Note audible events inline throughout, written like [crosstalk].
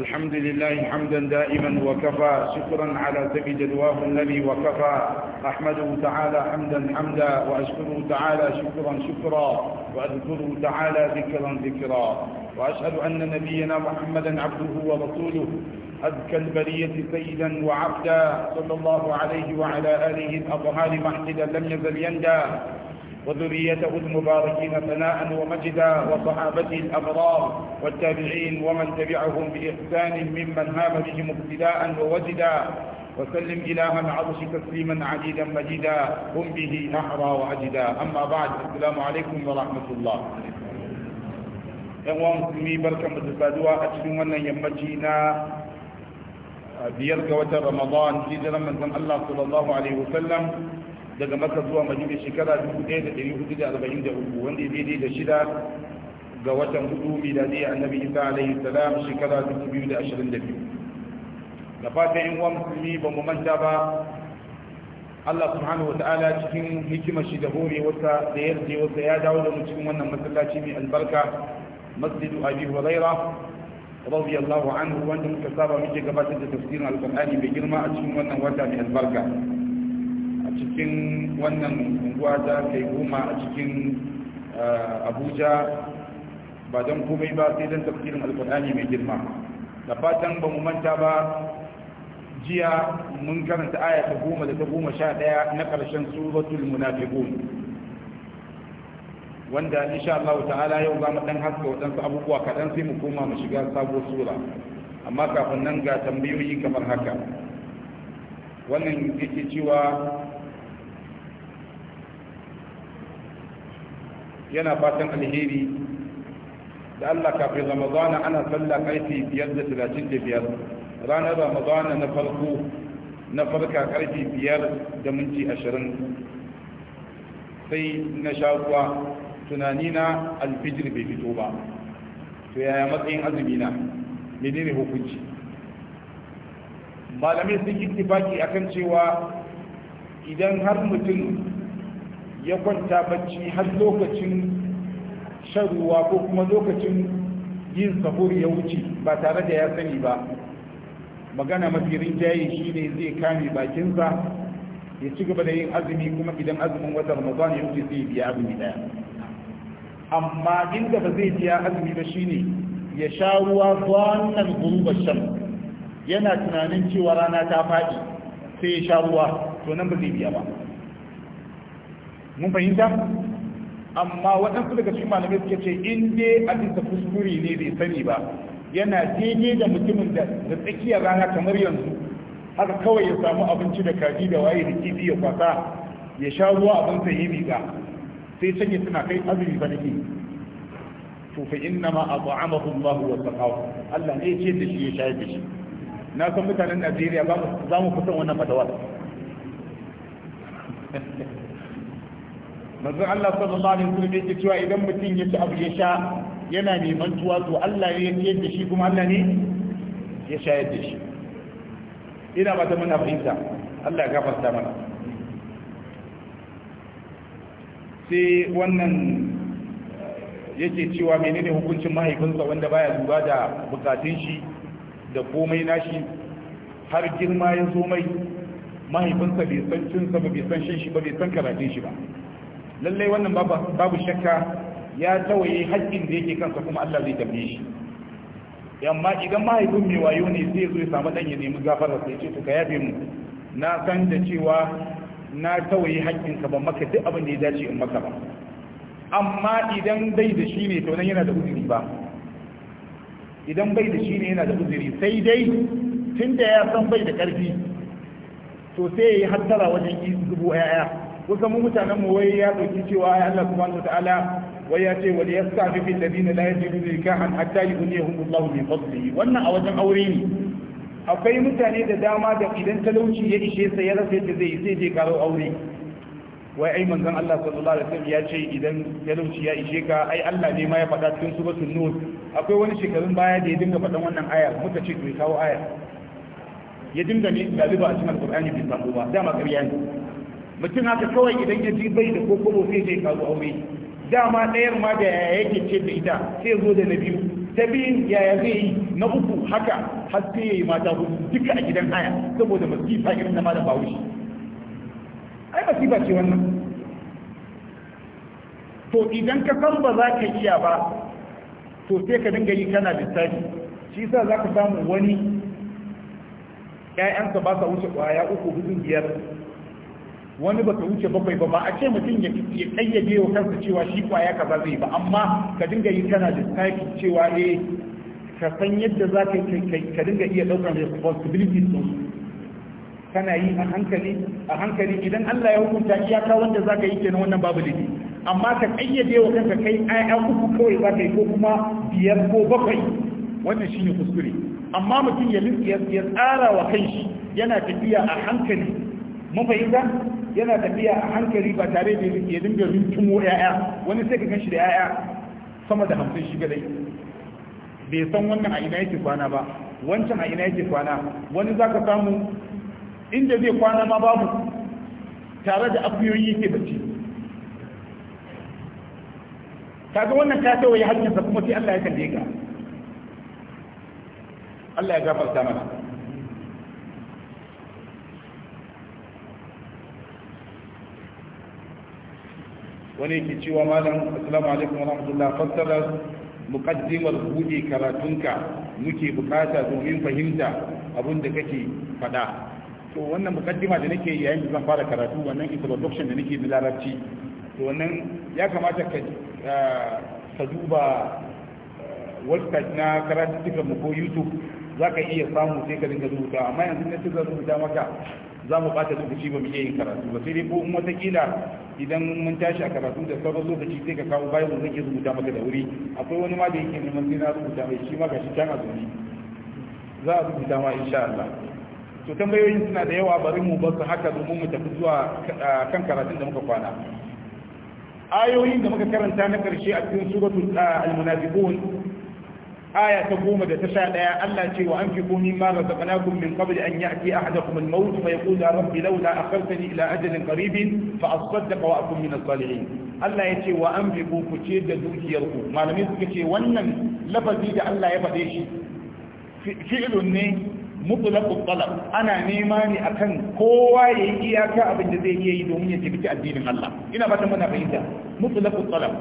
الحمد لله حمدا دائما وكفى شكرا على سبيل جدواه النبي وكفى أحمده تعالى حمدا حمدا وأشكره تعالى شكرا شكرا وأذكره تعالى ذكرا ذكرا وأشهد أن نبينا محمدا عبده ورسوله أذكى البرية سيدا وعبدا صلى الله عليه وعلى آله الأطهار محددا لم يزل يندى وذريته المباركين ثناء ومجدا وصحابته الأبرار والتابعين ومن تبعهم بإحسان ممن هام بهم ابتداء ووجدا وسلم إلى من عرش تسليما عديدا مجيدا هم به أحرى وأجدا أما بعد السلام عليكم ورحمة الله يوم مسلمي بركة متفادوة أتشمنا يمجينا بيرك وتر رمضان في hijiran الله صلى الله عليه وسلم daga maka zuwa madina shekara 1443 wanda ya daidai da shida ga watan hudu miladiyya annabi isa alaihi salam shekara 2022 da fatan yan uwa musulmi ba mu manta ba Allah subhanahu wa ta'ala cikin hikimar shi da hore wata da yarje wata ya dawo da mu cikin wannan masallaci mai albarka masjidu abi huraira radiyallahu anhu wanda muka saba muke gabatar da tafsirin alqur'ani mai girma a cikin wannan wata mai albarka cikin wannan unguwa ta kai goma a cikin uh, abuja ba don komai ba sai don tafsirin alkur'ani mai girma da fatan ba mu manta ba jiya mun karanta ayata goma da ta goma sha daya na ƙarshen suratul goma wanda insha Allah ta'ala yau za mu dan haska waɗansu abubuwa kaɗan sai mu koma mu shiga sabuwar sura amma kafin nan ga tambayoyi kamar haka wannan yake cewa yana fatan alheri da Allah kafin ramadana ana sallah karfi biyar da talatin da biyar ranar ramadana na farko na farka karfi biyar da minti ashirin sai na sha ruwa tunani na alfijir bai fito ba to yaya matsayin azumi na menene hukunci malamai sun yi tifaki akan cewa idan har mutum ya kwanta bacci har lokacin sharuwa ko kuma lokacin yin sahur ya wuce ba tare da ya sani ba magana mafi rinjaye shi ne zai kame bakinsa ya ci gaba da yin azumi kuma idan azumin watan ramadan ya wuce zai biya azumi daya amma inda ba zai biya azumi ba shine ya sha ruwa zannan gurubar shan yana tunanin cewa rana ta faɗi sai ya sha ruwa to nan ba zai biya ba mun fahimta amma waɗansu daga cikin malamai suke ce in dai a bisa kuskure ne bai sani ba yana daidai da mutumin da da tsakiyar rana kamar yanzu haka kawai ya samu abinci da kaji da waye da kifi ya kwasa ya sha ruwa abin sa yi miƙa sai canye suna kai azumi ba nake to fa inna ma at'amahu Allah wa saqahu Allah ne ce da shi ya sha shi na san mutanen Najeriya ba mu za mu kusan wannan madawar. [laughs] manzon Allah sallallahu alaihi wasallam yake cewa idan mutum ya ci abu ya sha yana neman tuwa to Allah ne ya ciyar da shi kuma Allah ne ya shayar da shi ina ba ta muna fahimta Allah ya gafarta mana sai wannan eh, yake cewa menene hukuncin mahaifinsa wanda baya duba da bukatun shi da komai nashi har girma ya zo mai mahaifinsa bai san sa ba bai san shan shi ba bai san karatun shi ba lallai wannan babu shakka ya tawaye haƙƙin da yake kansa kuma Allah zai tafi shi amma idan mahaifin mai wayo ne sai zo ya samu dan ya nemi gafara sai ce to ka yabe mu na san da cewa na tawaye haƙƙin ka ban maka duk abin da ya dace in maka ba amma idan bai da shi ne to nan yana da uzuri ba idan bai da shi ne yana da uzuri sai dai tunda ya san bai da ƙarfi to sai ya yi hattara wajen zubo 'ya'ya kusan mu mutanen mu wai ya dauki cewa ai Allah subhanahu wataala wai ya ce wal yastafi fil ladina la yajiduna nikahan hatta yughniyahum Allahu min fadlihi wannan a wajen aure ne akwai mutane da dama da idan talauci ya ishe sa ya rasa yadda zai sai je karo aure wai ai manzon Allah sallallahu alaihi wasallam ya ce idan talauci ya ishe ka ai Allah ne ma ya faɗa cikin suratul nur akwai wani shekarun baya da ya dinga faɗan wannan aya muka ce to ya kawo aya ya dinga ne galiba a cikin alqur'ani bai samu ba dama ƙarya ne mutum haka kawai idan ya ji bai da kokobo sai zai karu aure dama ɗayar ma da yaya yake ce da ita sai zo da na biyu ta biyun yaya zai yi na uku haka har sai ya yi mata hudu duka a gidan haya saboda masifa irin na malam shi. ai masifa ce wannan to idan ka san ba za ka iya ba to sai ka dinga yi kana lissafi shi sa za ka samu wani 'ya'yansa ba sa wuce ƙwaya uku hudu biyar wani baka wuce bakwai ba ba a ce mutum ya kayyade wa kansa cewa shi kwaya ka ba zai ba amma ka dinga yi kana da tsaki cewa ne eh, ka san yadda za ka ka dinga iya ɗaukar responsibility sun kana yi a hankali a hankali idan Allah ya hukunta iyaka wanda za ka yi kenan wannan babu laifi amma ka kayyade wa kanka kai ai uku kawai za ka yi ko kuma biyar ko bakwai wannan shine kuskure amma mutum ya ya tsara wa kanshi yana tafiya a hankali mun fahimta yana tafiya a hankali ba tare da ya dinga rintumo ya'ya wani sai ka ganshi da ya'ya sama da hamsin shiga dai bai san wannan a ina yake kwana ba wancan a ina yake kwana wani za ka samu inda zai kwana ma babu tare da akuyoyi yake bacci kaga wannan ka tawaye hakkinsa kuma sai Allah ya kalle ka Allah ya gafarta mana wani ke cewa malam assalamu alaikum wa rahmatullah fassara muqaddimar buɗe karatunka muke bukata domin fahimta abin da kake faɗa to wannan muqaddima da nake yayin da zan fara karatu wannan introduction da nake bilarabci larabci to wannan ya kamata ka eh, ka duba eh, website na karatu ko YouTube zaka iya samu sai ka dinga rubuta amma yanzu na tuka rubuta maka za mu bata lokaci ba mu iya yin karatu ba sai dai ko in kila idan mun tashi a karatu da sauran lokaci sai ka kawo bayan zan iya rubuta maka da wuri akwai wani ma da yake neman sai na rubuta mai shi ma gashi can a zuri za a rubuta ma insha Allah to tambayoyin suna da yawa bari mu bar su haka domin mu tafi zuwa kan karatun da muka kwana ayoyin da muka karanta na karshe a cikin suratul al-munafiqun aya ta goma da ta sha ɗaya Allah ce wa an fi komi ma razaqnakum min qabli an ya'ti ahadakum al-maut fa yaqulu rabbi laula akhartani ila ajalin qaribin fa asaddaqa wa akun min as Allah ya ce wa an fi ku ce da dukiyar ku malamai suka ce wannan lafazi da Allah ya faɗe shi fi'ilun ne mutlaqut talab ana nema ne akan kowa ya yi iyaka abin da zai iya yi domin ya tafi addinin Allah ina fata muna fahimta mutlaqut talab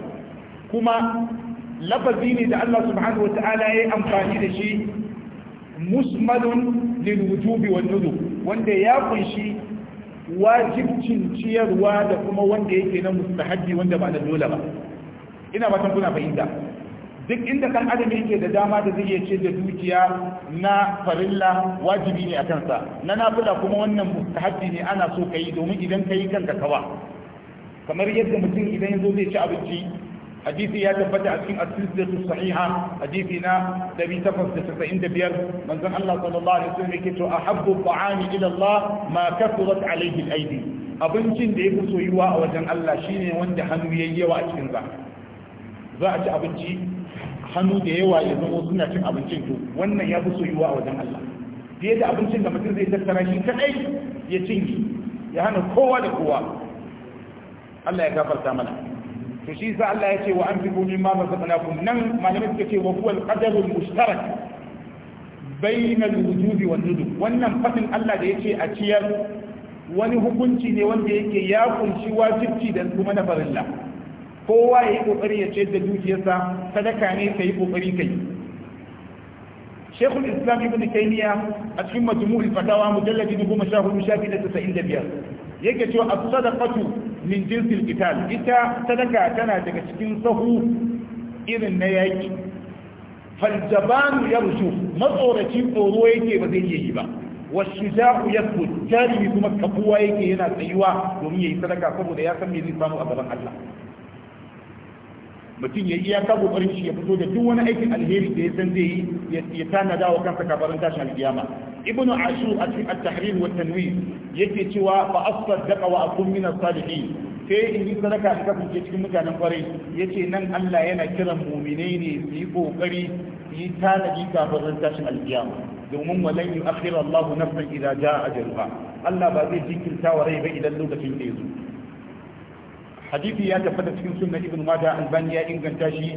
kuma lafazi ne da Allah subhanahu wata'ala ya yi amfani da shi musmalun lil wujubi nudu wanda ya kunshi wajibcin ciyarwa da kuma wanda yake na mustahabbi wanda ba na dole ba ina ba kuna fahimta duk inda kan adam yake da dama da zai ce da dukiya na farilla wajibi ne a kansa na nafila kuma wannan mustahabbi ne ana so kai domin idan kai kanka kawa kamar yadda mutum idan ya zo zai ci abinci hadisi ya tabbata a cikin as-silsilatu sahiha hadisi na 895 manzon Allah sallallahu alaihi wasallam yake to ahabbu ta'ami ila Allah ma kathurat alaihi al-aydi abincin da yafi soyuwa a wajen Allah shine wanda hannu yayi yawa a cikin za a ci abinci hannu da yawa ya zama suna cin abincin to wannan ya fi soyuwa a wajen Allah fiye da abincin da mutum zai tattara shi kadai ya ya hana kowa da kowa Allah ya gafarta mana to shi sa Allah ya ce wa anfiqu mimma razaqnakum nan malamai suka ce wa huwa al-qadar al-mushtarak bayna al-wujud wa nudub wannan fadin Allah da ce a ciyar wani hukunci ne wanda yake ya kunshi wajibci da kuma na farilla kowa ya yi kokari ya ce da dukiyarsa sadaka ne ka yi kokari kai shekul islam ibn taymiya a cikin majmu'ul fatawa mujalladi na goma sha hudu shafi da da biyar yake cewa a sadaqatu min jinsil qital ita sadaka tana daga cikin sahu irin na yaki faljaban yarju matsoraci tsoro yake ba zai yi ba washuja'u yakut jarimi kuma kafuwa yake yana tsayuwa domin yayi sadaka saboda ya san me zai samu a gaban Allah mutum ya iya ka kokarin shi ya fito da duk wani aikin alheri da ya san zai yi ya tanada wa kansa kafarin tashin alkiyama ibn asu a cikin at-tahrir wa tanwir yake cewa fa asfar wa akun min as-salihin sai in yi sadaka in kasance cikin mutanen kwarai yace nan Allah yana kiran mu'minai ne su yi kokari su yi tanadi kafin ran tashin alkiyama domin walan yu'akhir Allah nafsan idza jaa ajaluha Allah ba zai jinkirta wa rai ba idan lokacin da ya zo hadisi ya tabbata cikin sunan ibn majah albani ya inganta shi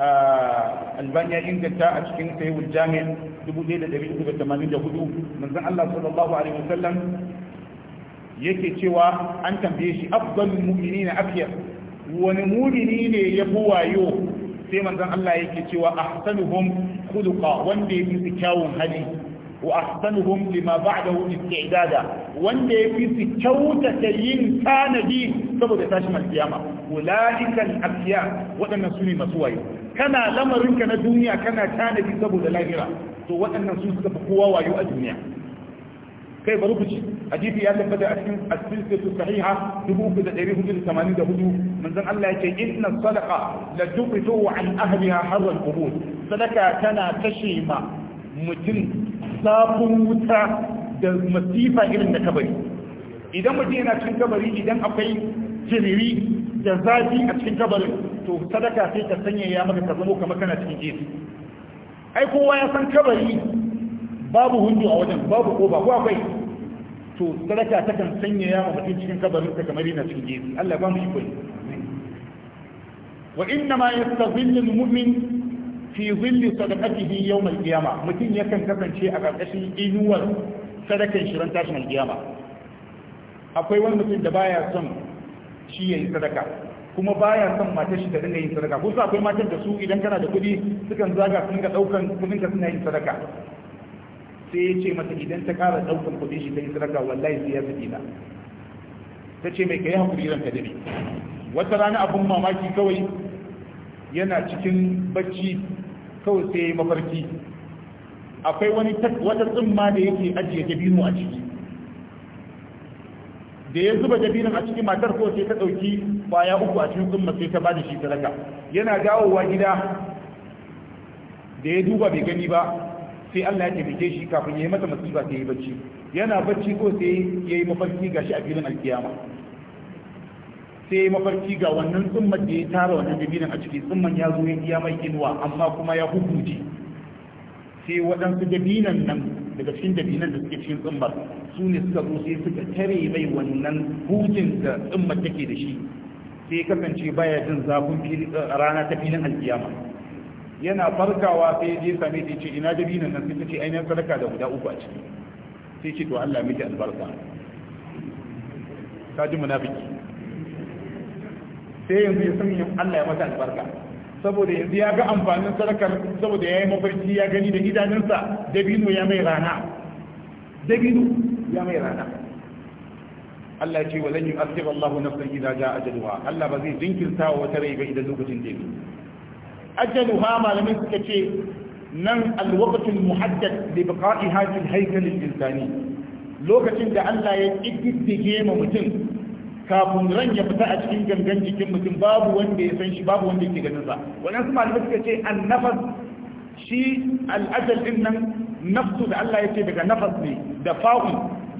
Alban ya inganta a cikin dubu ɗaya da da tamanin da hudu. manzon Allah sallallahu alaihi wasallam yake cewa an tambaye shi afdalul na afiya wani mu'mini ne ya fi wayo sai manzon Allah yake cewa ahsanuhum khuluqa wanda ya fi kyawun hali wa ahsanuhum lima ba'dahu istidada wanda ya fi su kyautata yin tanadi saboda tashi tashin alkiyama ulaika al-afiya wadannan sune masu wayo kana lamarinka na duniya kana tanadi saboda lahira to waɗannan sun suka fi kowa wayo a duniya kai bari ku ci hadisi ya tabbata a cikin as-silsilatu sahiha 3484 manzon Allah yake inna sadaqa la tuqitu an ahliha harra al-qubur sadaka tana kashe ma mutum sabon wuta da masifa irin da kabari idan mutum yana cikin kabari idan akwai jiriri da zafi a cikin kabarin to sadaka sai ka sanya ya maka ka zama kamar kana cikin jesu ai kowa ya san kabari babu hundu a wajen babu ko ba ko akwai to sadaka ta kan sanya ya maka cikin kabarin ka kamar yana cikin jesu Allah ba mu shi koyi wa inna ma yastazillu mu'min fi zilli sadaqatihi yawm al-qiyamah mutum yakan kasance a karkashin inuwar sadakan shirin tashin al-qiyama akwai wani mutum da baya son shi ya yi sadaka kuma baya son matar shi ta dinga yin sadaka ko su akwai matan da su idan kana da kuɗi sukan zaga su dinga daukan kuɗin ka suna yin sadaka sai ya ce mata idan ta ƙara daukan kuɗin shi ta yi sadaka wallahi sai ya fadi ta ce mai kai hakuri ran ka dabi wata rana abun mamaki kawai yana cikin bacci kawai sai mafarki akwai wani wata tsumma da yake ajiye dabino a ciki da ya zuba dabinin a cikin matar ko sai ta dauki baya uku a cikin kuma sai ta ba bada shi sadaka yana dawowa gida da ya duba bai gani ba sai Allah ya taimake shi kafin ya yi mata masifa sai yi bacci yana bacci ko sai ya yi mafarki gashi a filin alkiyama sai mafarki ga wannan tsumma da ya tara wannan dabinin a ciki tsumman ya zo ya mai inuwa amma kuma ya hukunci sai waɗansu jabinan nan daga cikin dabinan da suke cikin tsimmar su ne suka zo sai suka tare mai wannan hujin da tsimmar take da shi sai kasance baya jin zafin eh, rana ta filin alkiyama yana farkawa sai je same ta ce ina dabinan nan sai ta ce ainihin sadaka da guda uku a ciki sai ce to Allah miki albarka ka ji munafiki sai yanzu ya san Allah ya mata albarka saboda yanzu ya ga amfanin sadakar saboda ya yi mafarki ya gani da idanunsa dabino ya mai rana dabino ya mai rana Allah ce walan yi asir Allah nafsan idza jaa ajaluha Allah ba zai jinkirta wa wata rai ba idan lokacin da yake ajaluha malamin suka ce nan alwaqtul muhaddad li baqa'i hadhihi al-haykal al-insani lokacin da Allah ya kiddige ma mutum kafin ran ya fita a cikin gangan jikin mutum babu wanda ya san shi babu wanda yake ganin sa wannan su malamai suka ce annafas shi al'ajal din nan nafsu da Allah yake daga nafas ne da fa'u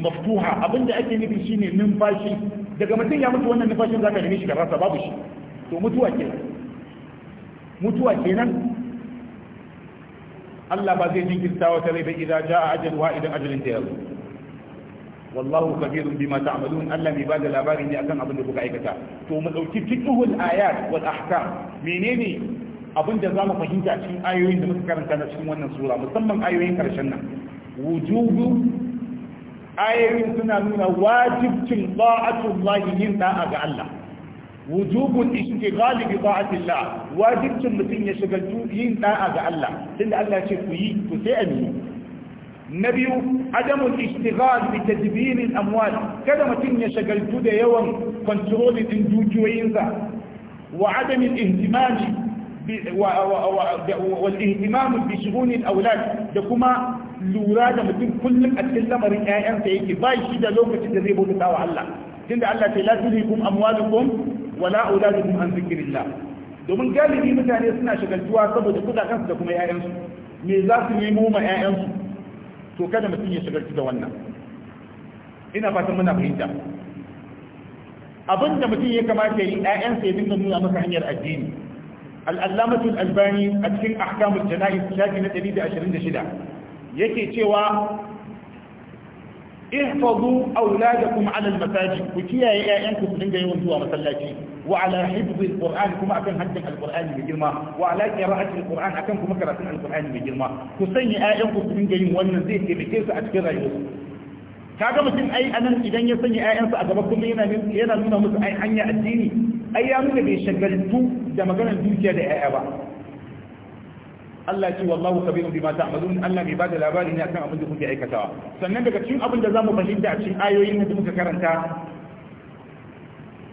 maftuha abinda ake nufi shine numfashi daga mutum ya mutu wannan numfashin zaka gani shi da rasa babu shi to mutuwa kenan mutuwa kenan Allah ba zai jinkirta wata rai ba idan ja'a wa idan ajalin ta yazo wallahu kabirun bima ta'malun Allah mai bada labarin ne akan abin da kuka aikata to mu dauki fiqhul ayat wal ahkam menene abin da zamu fahimta cikin ayoyin da muka karanta na cikin wannan sura musamman ayoyin karshen nan wujubu ayoyin suna nuna wajibcin ta'atullahi yin da'a ga Allah wujubun ishtighal bi ta'atillah wajibcin mutum ya shiga yin da'a ga Allah tunda Allah ya ce ku yi ku sai amini na biyu adamun ishtighal bi tadbirin amwal kada mutum ya shagaltu da yawan kontrolin din sa wa adamin ihtimami wal ihtimam bi shughulil awlad da kuma lura da mutum kullum a cikin lamarin ƴaƴansa yake ba shi da lokacin da zai bauta wa Allah tunda Allah ta la tulikum amwalukum wala auladukum an zikrillah domin galibi mutane suna shagaltuwa saboda kudakansu da kuma ƴaƴansu me za su nemo ma ƴaƴansu to kada mutum ya shigarci da wannan ina fatan muna fahimta abinda mutum ya kamata yi ƴaƴansa ya dinga nuna masa hanyar addini al'allamatul albani a cikin ahkamul jana'iz shafi na 126 yake cewa ihfazu auladakum ala al-masajid ku kiyaye ƴaƴanku su dinga yawan zuwa masallaci وعلى حفظ القرآن كما أكن حجم القرآن بجرما وعلى قراءة القرآن أكن كما قراءة القرآن بجرما تسني wannan zai جايين وانا زي تبكيس أتكرا يوسف kaga mutum ai anan idan ya sanya ƴaƴansa a gaba kuma yana yana nuna musu ai hanya addini ai ya nuna bai shagaltu da maganar dukiya da ƴaƴa ba Allah ce wallahu kabirun bima ta'malun Allah bai bada labari ne akan abin da kuke aikatawa sannan daga cikin abin da zamu fahimta a cikin ayoyin da muka karanta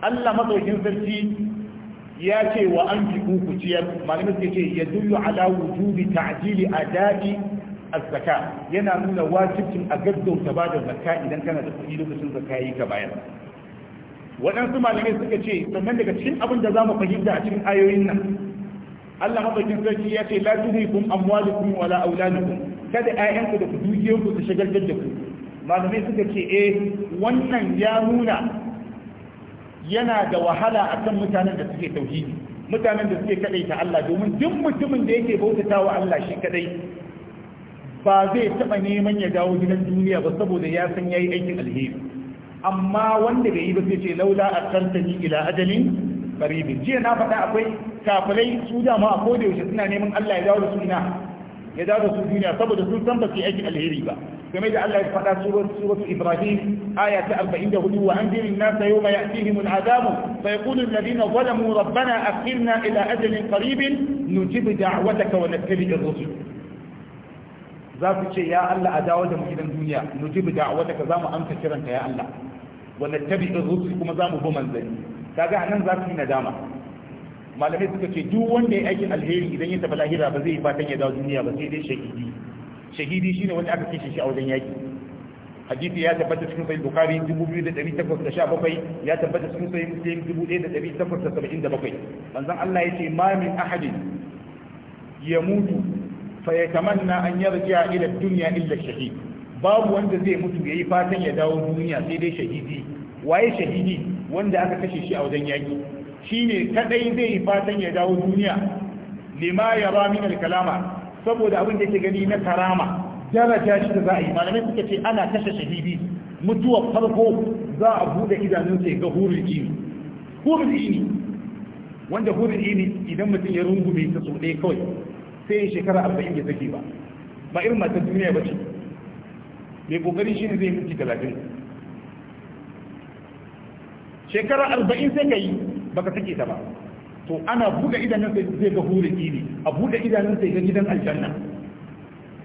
Allah madaukin sarki ya ce wa an fi ku ciyar malamin suke ce ya dullu ala wujubi ta'jili daɗi a zaka yana nuna wajibcin a gaggauta ba da zakka idan kana da kuɗi lokacin zakka yi ka bayar waɗansu malamai suka ce sannan daga cikin abin da za mu fahimta a cikin ayoyin nan Allah madaukin sarki ya ce la tuhikum amwalukum wala auladukum kada ƴaƴanku da ku dukiyoyinku su shagaltar da ku malamai suka ce eh wannan ya nuna yana da wahala akan mutanen da suke tauhidi mutanen da suke kaɗaita Allah domin duk mutumin da yake bautatawa Allah shi kadai ba zai taba neman ya dawo gidan duniya ba saboda ya san yayi aikin alheri amma wanda bai yi ba sai ce laula akartani ila ajalin qarib jiya na faɗa akwai kafirai su dama a koda yaushe suna neman Allah ya dawo da su ina ya da su duniya saboda sun san ba su aikin alheri ba game da Allah ya faɗa suratu Ibrahim aya ta 44 wa anzirin nasa yawma ya'tihim al'adabu fa yaqulu alladhina zalamu rabbana akhirna ila ajalin qaribin nujib da'wataka wa nattabi' ar-rusul za su ce ya Allah a dawo da mu gidan duniya nujibu da'awataka za mu amsa kiranka ya Allah wa nattabi'ir rusul kuma za mu bi manzanni kaga nan za su yi nadama malamai suka ce duk wanda ya aikin alheri idan ya tafi lahira ba zai yi fatan ya dawo duniya ba sai dai shahidi shahidi shine wanda aka kashe shi a wajen yaki hadisi ya tabbata cikin sahih bukhari 2817 ya tabbata cikin sahih muslim 1877 manzon Allah ya yace ma min ahadin yamutu fayatamanna an yarji'a ila ad-dunya illa shahid babu wanda zai mutu yayi fatan ya dawo duniya sai dai shahidi waye shahidi wanda aka kashe shi a wajen yaki Shi ne kadai zai yi fatan ya dawo duniya lima ya ba min al saboda abin da yake gani na karama daraja shi da za a yi malamai suka ce ana kashe shahidi mutuwar farko za a bude idanunsa ga hurin ini Hurin ini wanda hurin ini idan mutum ya rungume ta so ɗaya kawai sai shekara arba'in ya zake ba ba irin matan duniya ba ce mai kokari shi ne zai minti talatin shekara arba'in sai ka yi baka sake ta ba to ana buɗe idanun sai zai ga hure ne a buɗe idanun sai ga gidan aljanna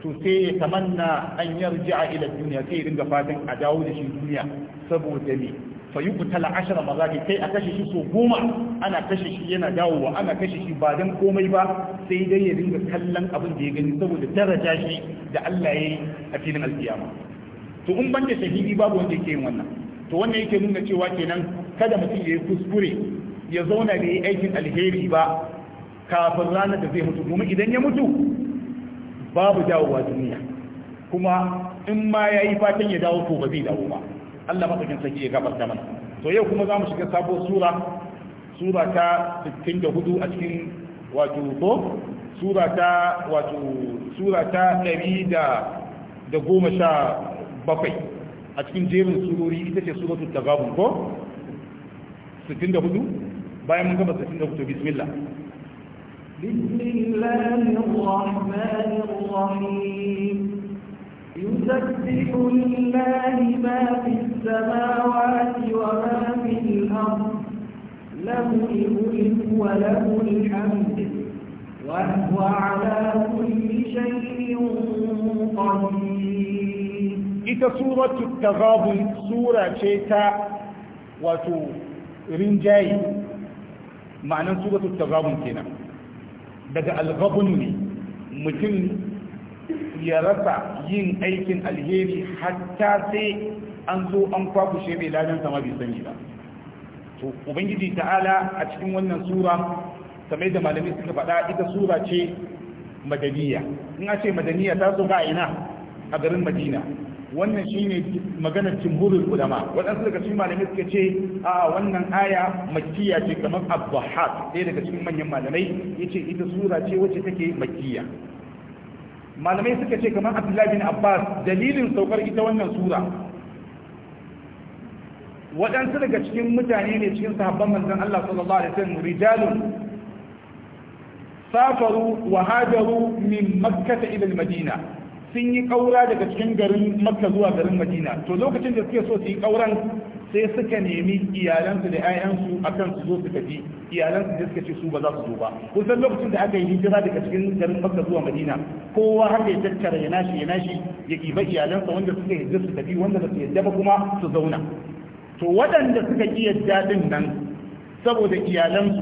to sai ya tamanna an yarji'a ila duniya sai ya dinga fatan a dawo da shi duniya saboda me fa yuqtala ashara mazaki sai a kashe shi so goma ana kashe shi yana dawowa ana kashe shi ba dan komai ba sai dai ya dinga kallon abin da ya gani saboda daraja shi da Allah yayi a filin alkiyama to in banda shahidi babu wanda yake yin wannan to wannan yake nuna cewa kenan kada mutum ya yi kuskure ya zauna da yi aikin alheri ba kafin ranar da zai mutu domin idan ya mutu babu dawowa duniya kuma in ma ya yi fatan ya dawo to ba zai dawo ba Allah matsakin sarki ya gabata mana to yau kuma za mu shiga sabuwar sura sura ta 64 a cikin wato ko sura ta wato sura ta 117 a cikin jerin surori ita ce suratul tagabun ko 64 bayan mun gaba 63 بسم bismillah بسم الله الرحمن الرحيم يسبح لله ما في السماوات وما في الأرض له الملك وله الحمد وهو على كل شيء قدير إذا سورة التغابن سورة ce وتو wato Ma'anin suratul tagabun kenan daga alghabun ne mutum ya rasa yin aikin alheri hatta sai an zo an kwakushe mai ladan sama bai sani ba to ubangiji ta'ala a cikin wannan sura kamar da malami suka faɗa ita sura ce madaniya in a ce madaniya ta so ga ina a garin madina wannan shi ne maganar jumhurul ulama waɗansu daga cikin malamai suka ce a wannan aya makkiya ce kamar abbahat ɗaya daga cikin manyan malamai ya ce ita sura ce wacce take makiya. malamai suka ce kamar abdullahi bin abbas dalilin saukar ita wannan sura waɗansu daga cikin mutane ne cikin sahabban manzon Allah sallallahu alaihi wasallam rijalun safaru wa hajaru min makkah ila al-madina sun yi ƙaura daga cikin garin makka zuwa garin madina to lokacin da suke so su yi ƙauran sai suka nemi iyalansu da 'ya'yansu akan su zo su tafi iyalansu da suka ce su ba za su zo ba kusan lokacin da aka yi hijira daga cikin garin makka zuwa madina kowa har ya tattara ya nashi ya nashi ya kiba iyalansa wanda suka yarda su tafi wanda ba su yarda ba kuma su zauna to waɗanda suka ƙi yarda nan saboda iyalansu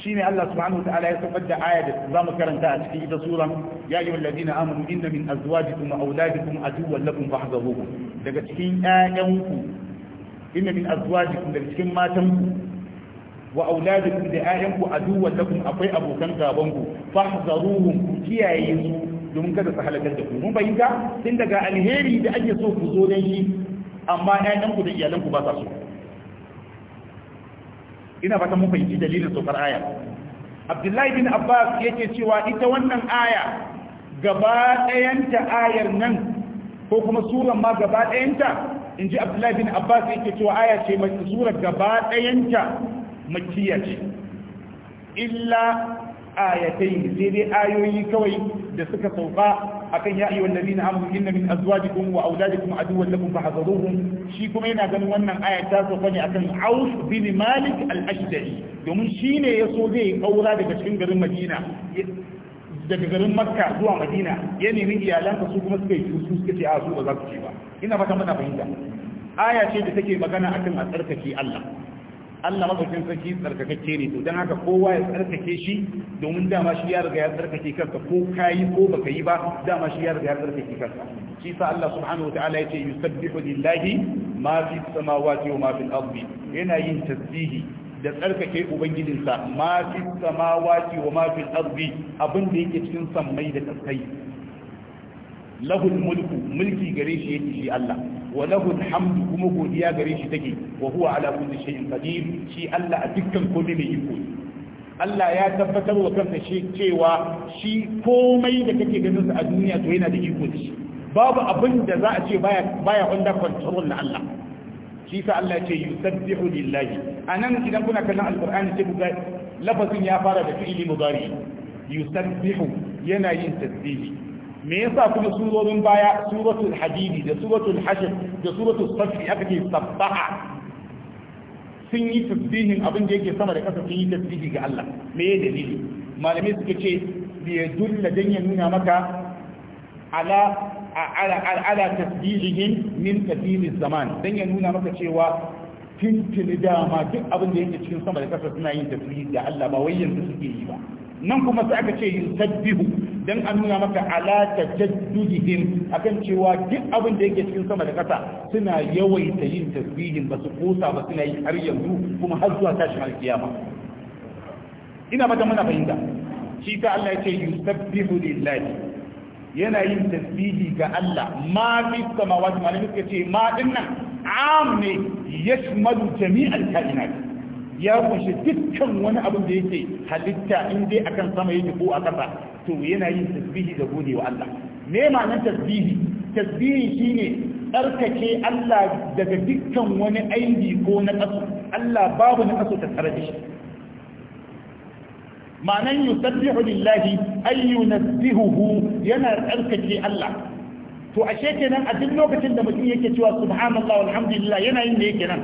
Shi ne Allah subhanahu wa ta'ala ya saukar da aya da mu karanta a cikin ita sura ya ayyuhal ladina amanu inna min azwajikum wa auladikum aduwwan lakum fahdharuhum daga cikin ƴaƴanku inna min azwajikum daga cikin matanku wa auladikum da ƴaƴanku aduwwan lakum akwai abokan gaban ku fahdharuhum ku kiyaye su domin kada su halakar da ku mun bayyana tun daga alheri da ake so ku zo dan shi amma ƴaƴanku da iyalanku ba sa so ina fata mun fahimci dalilin saukar aya abdullahi bin abbas yake cewa ita wannan aya gaba ɗayanta ayar nan ko kuma suran ma gaba ɗayanta in ji abdullahi bin abbas yake cewa aya ce mai surar gaba ɗayanta makiyar. ce illa ayatai sai dai ayoyi kawai da suka sauka akan ya ayyuhan ladina amanu inna min azwajikum wa auladikum aduwwan lakum fahdharuhum shi kuma yana ganin wannan aya ta sauka ne akan Aus bin Malik al-Ashda'i domin shine yaso zai kaura daga cikin garin Madina daga garin makka zuwa madina ya nemi iyalanka su kuma suka yi su suka ce a su ba za ku ce ba ina fata muna fahimta aya ce da take magana akan a tsarkake Allah Allah madaukin sarki tsarkakakke ne to dan haka kowa ya tsarkake shi domin dama shi ya riga ya tsarkake kansa ko kayi ko baka yi ba dama shi ya riga ya tsarkake kansa shi sa Allah subhanahu wataala ce yusabbihu lillahi ma fi samawati wa ma fil ardi yana yin tasbihi da tsarkake ubangijinsa ma fi samawati wa ma fil ardi abin da yake cikin sammai da kasai lahul mulku mulki gare shi yake shi Allah wa lahu alhamdu kuma godiya gare shi take wa huwa ala kulli shay'in qadir shi Allah a dukkan komai mai iko Allah ya tabbatar wa kansa shi cewa shi komai da kake ganin sa a duniya to yana da iko shi babu abin da za ce baya baya under control na Allah shi sa Allah ce yusabbihu lillahi anan idan kuna kallon alqur'ani sai ku ga lafazin ya fara da fi'ili mudari yusabbihu yana yin tasbihi me yasa kuma surorin baya suratul hadidi da suratul hashr da suratul safi aka ce sabbaha sun yi tasbihin abin da yake sama da kasa sun yi tasbihi ga Allah me ya dalili malamai suka ce bi yadulla dan ya nuna maka ala ala ala tasbihihim min qadim zaman dan ya nuna maka cewa tun tintini dama duk abin da yake cikin sama da kasa suna yin tasbihi ga Allah ba wai yanzu suke yi ba nan kuma sai aka ce yusabbihu Idan an nuna maka ala tajaddudihim akan cewa duk abin da yake cikin sama da kasa suna yawaita yin tasbihin ba su kosa ba suna yi har yanzu kuma har zuwa tashin ba. ina mata muna fahimta shi ta Allah ya ce yusabbihu lillahi yana yin tasbihi ga Allah ma fi samawati malamin suka ce ma dinnan am ne yashmalu jami'al kainat ya kunshi dukkan wani abin da yake halitta in dai akan sama yake ko a ƙasa to yana yin tasbihi da gode wa Allah me ma'anar tasbihi tasbihi shine tsarkake Allah daga dukkan wani aibi ko na ƙasu Allah babu na ƙasu ta tsare da shi ma'anan yusabbihu lillahi ayyu nasbihuhu yana tsarkake Allah to ashe kenan a duk lokacin da mutum yake cewa subhanallah walhamdulillah yana yin da yake nan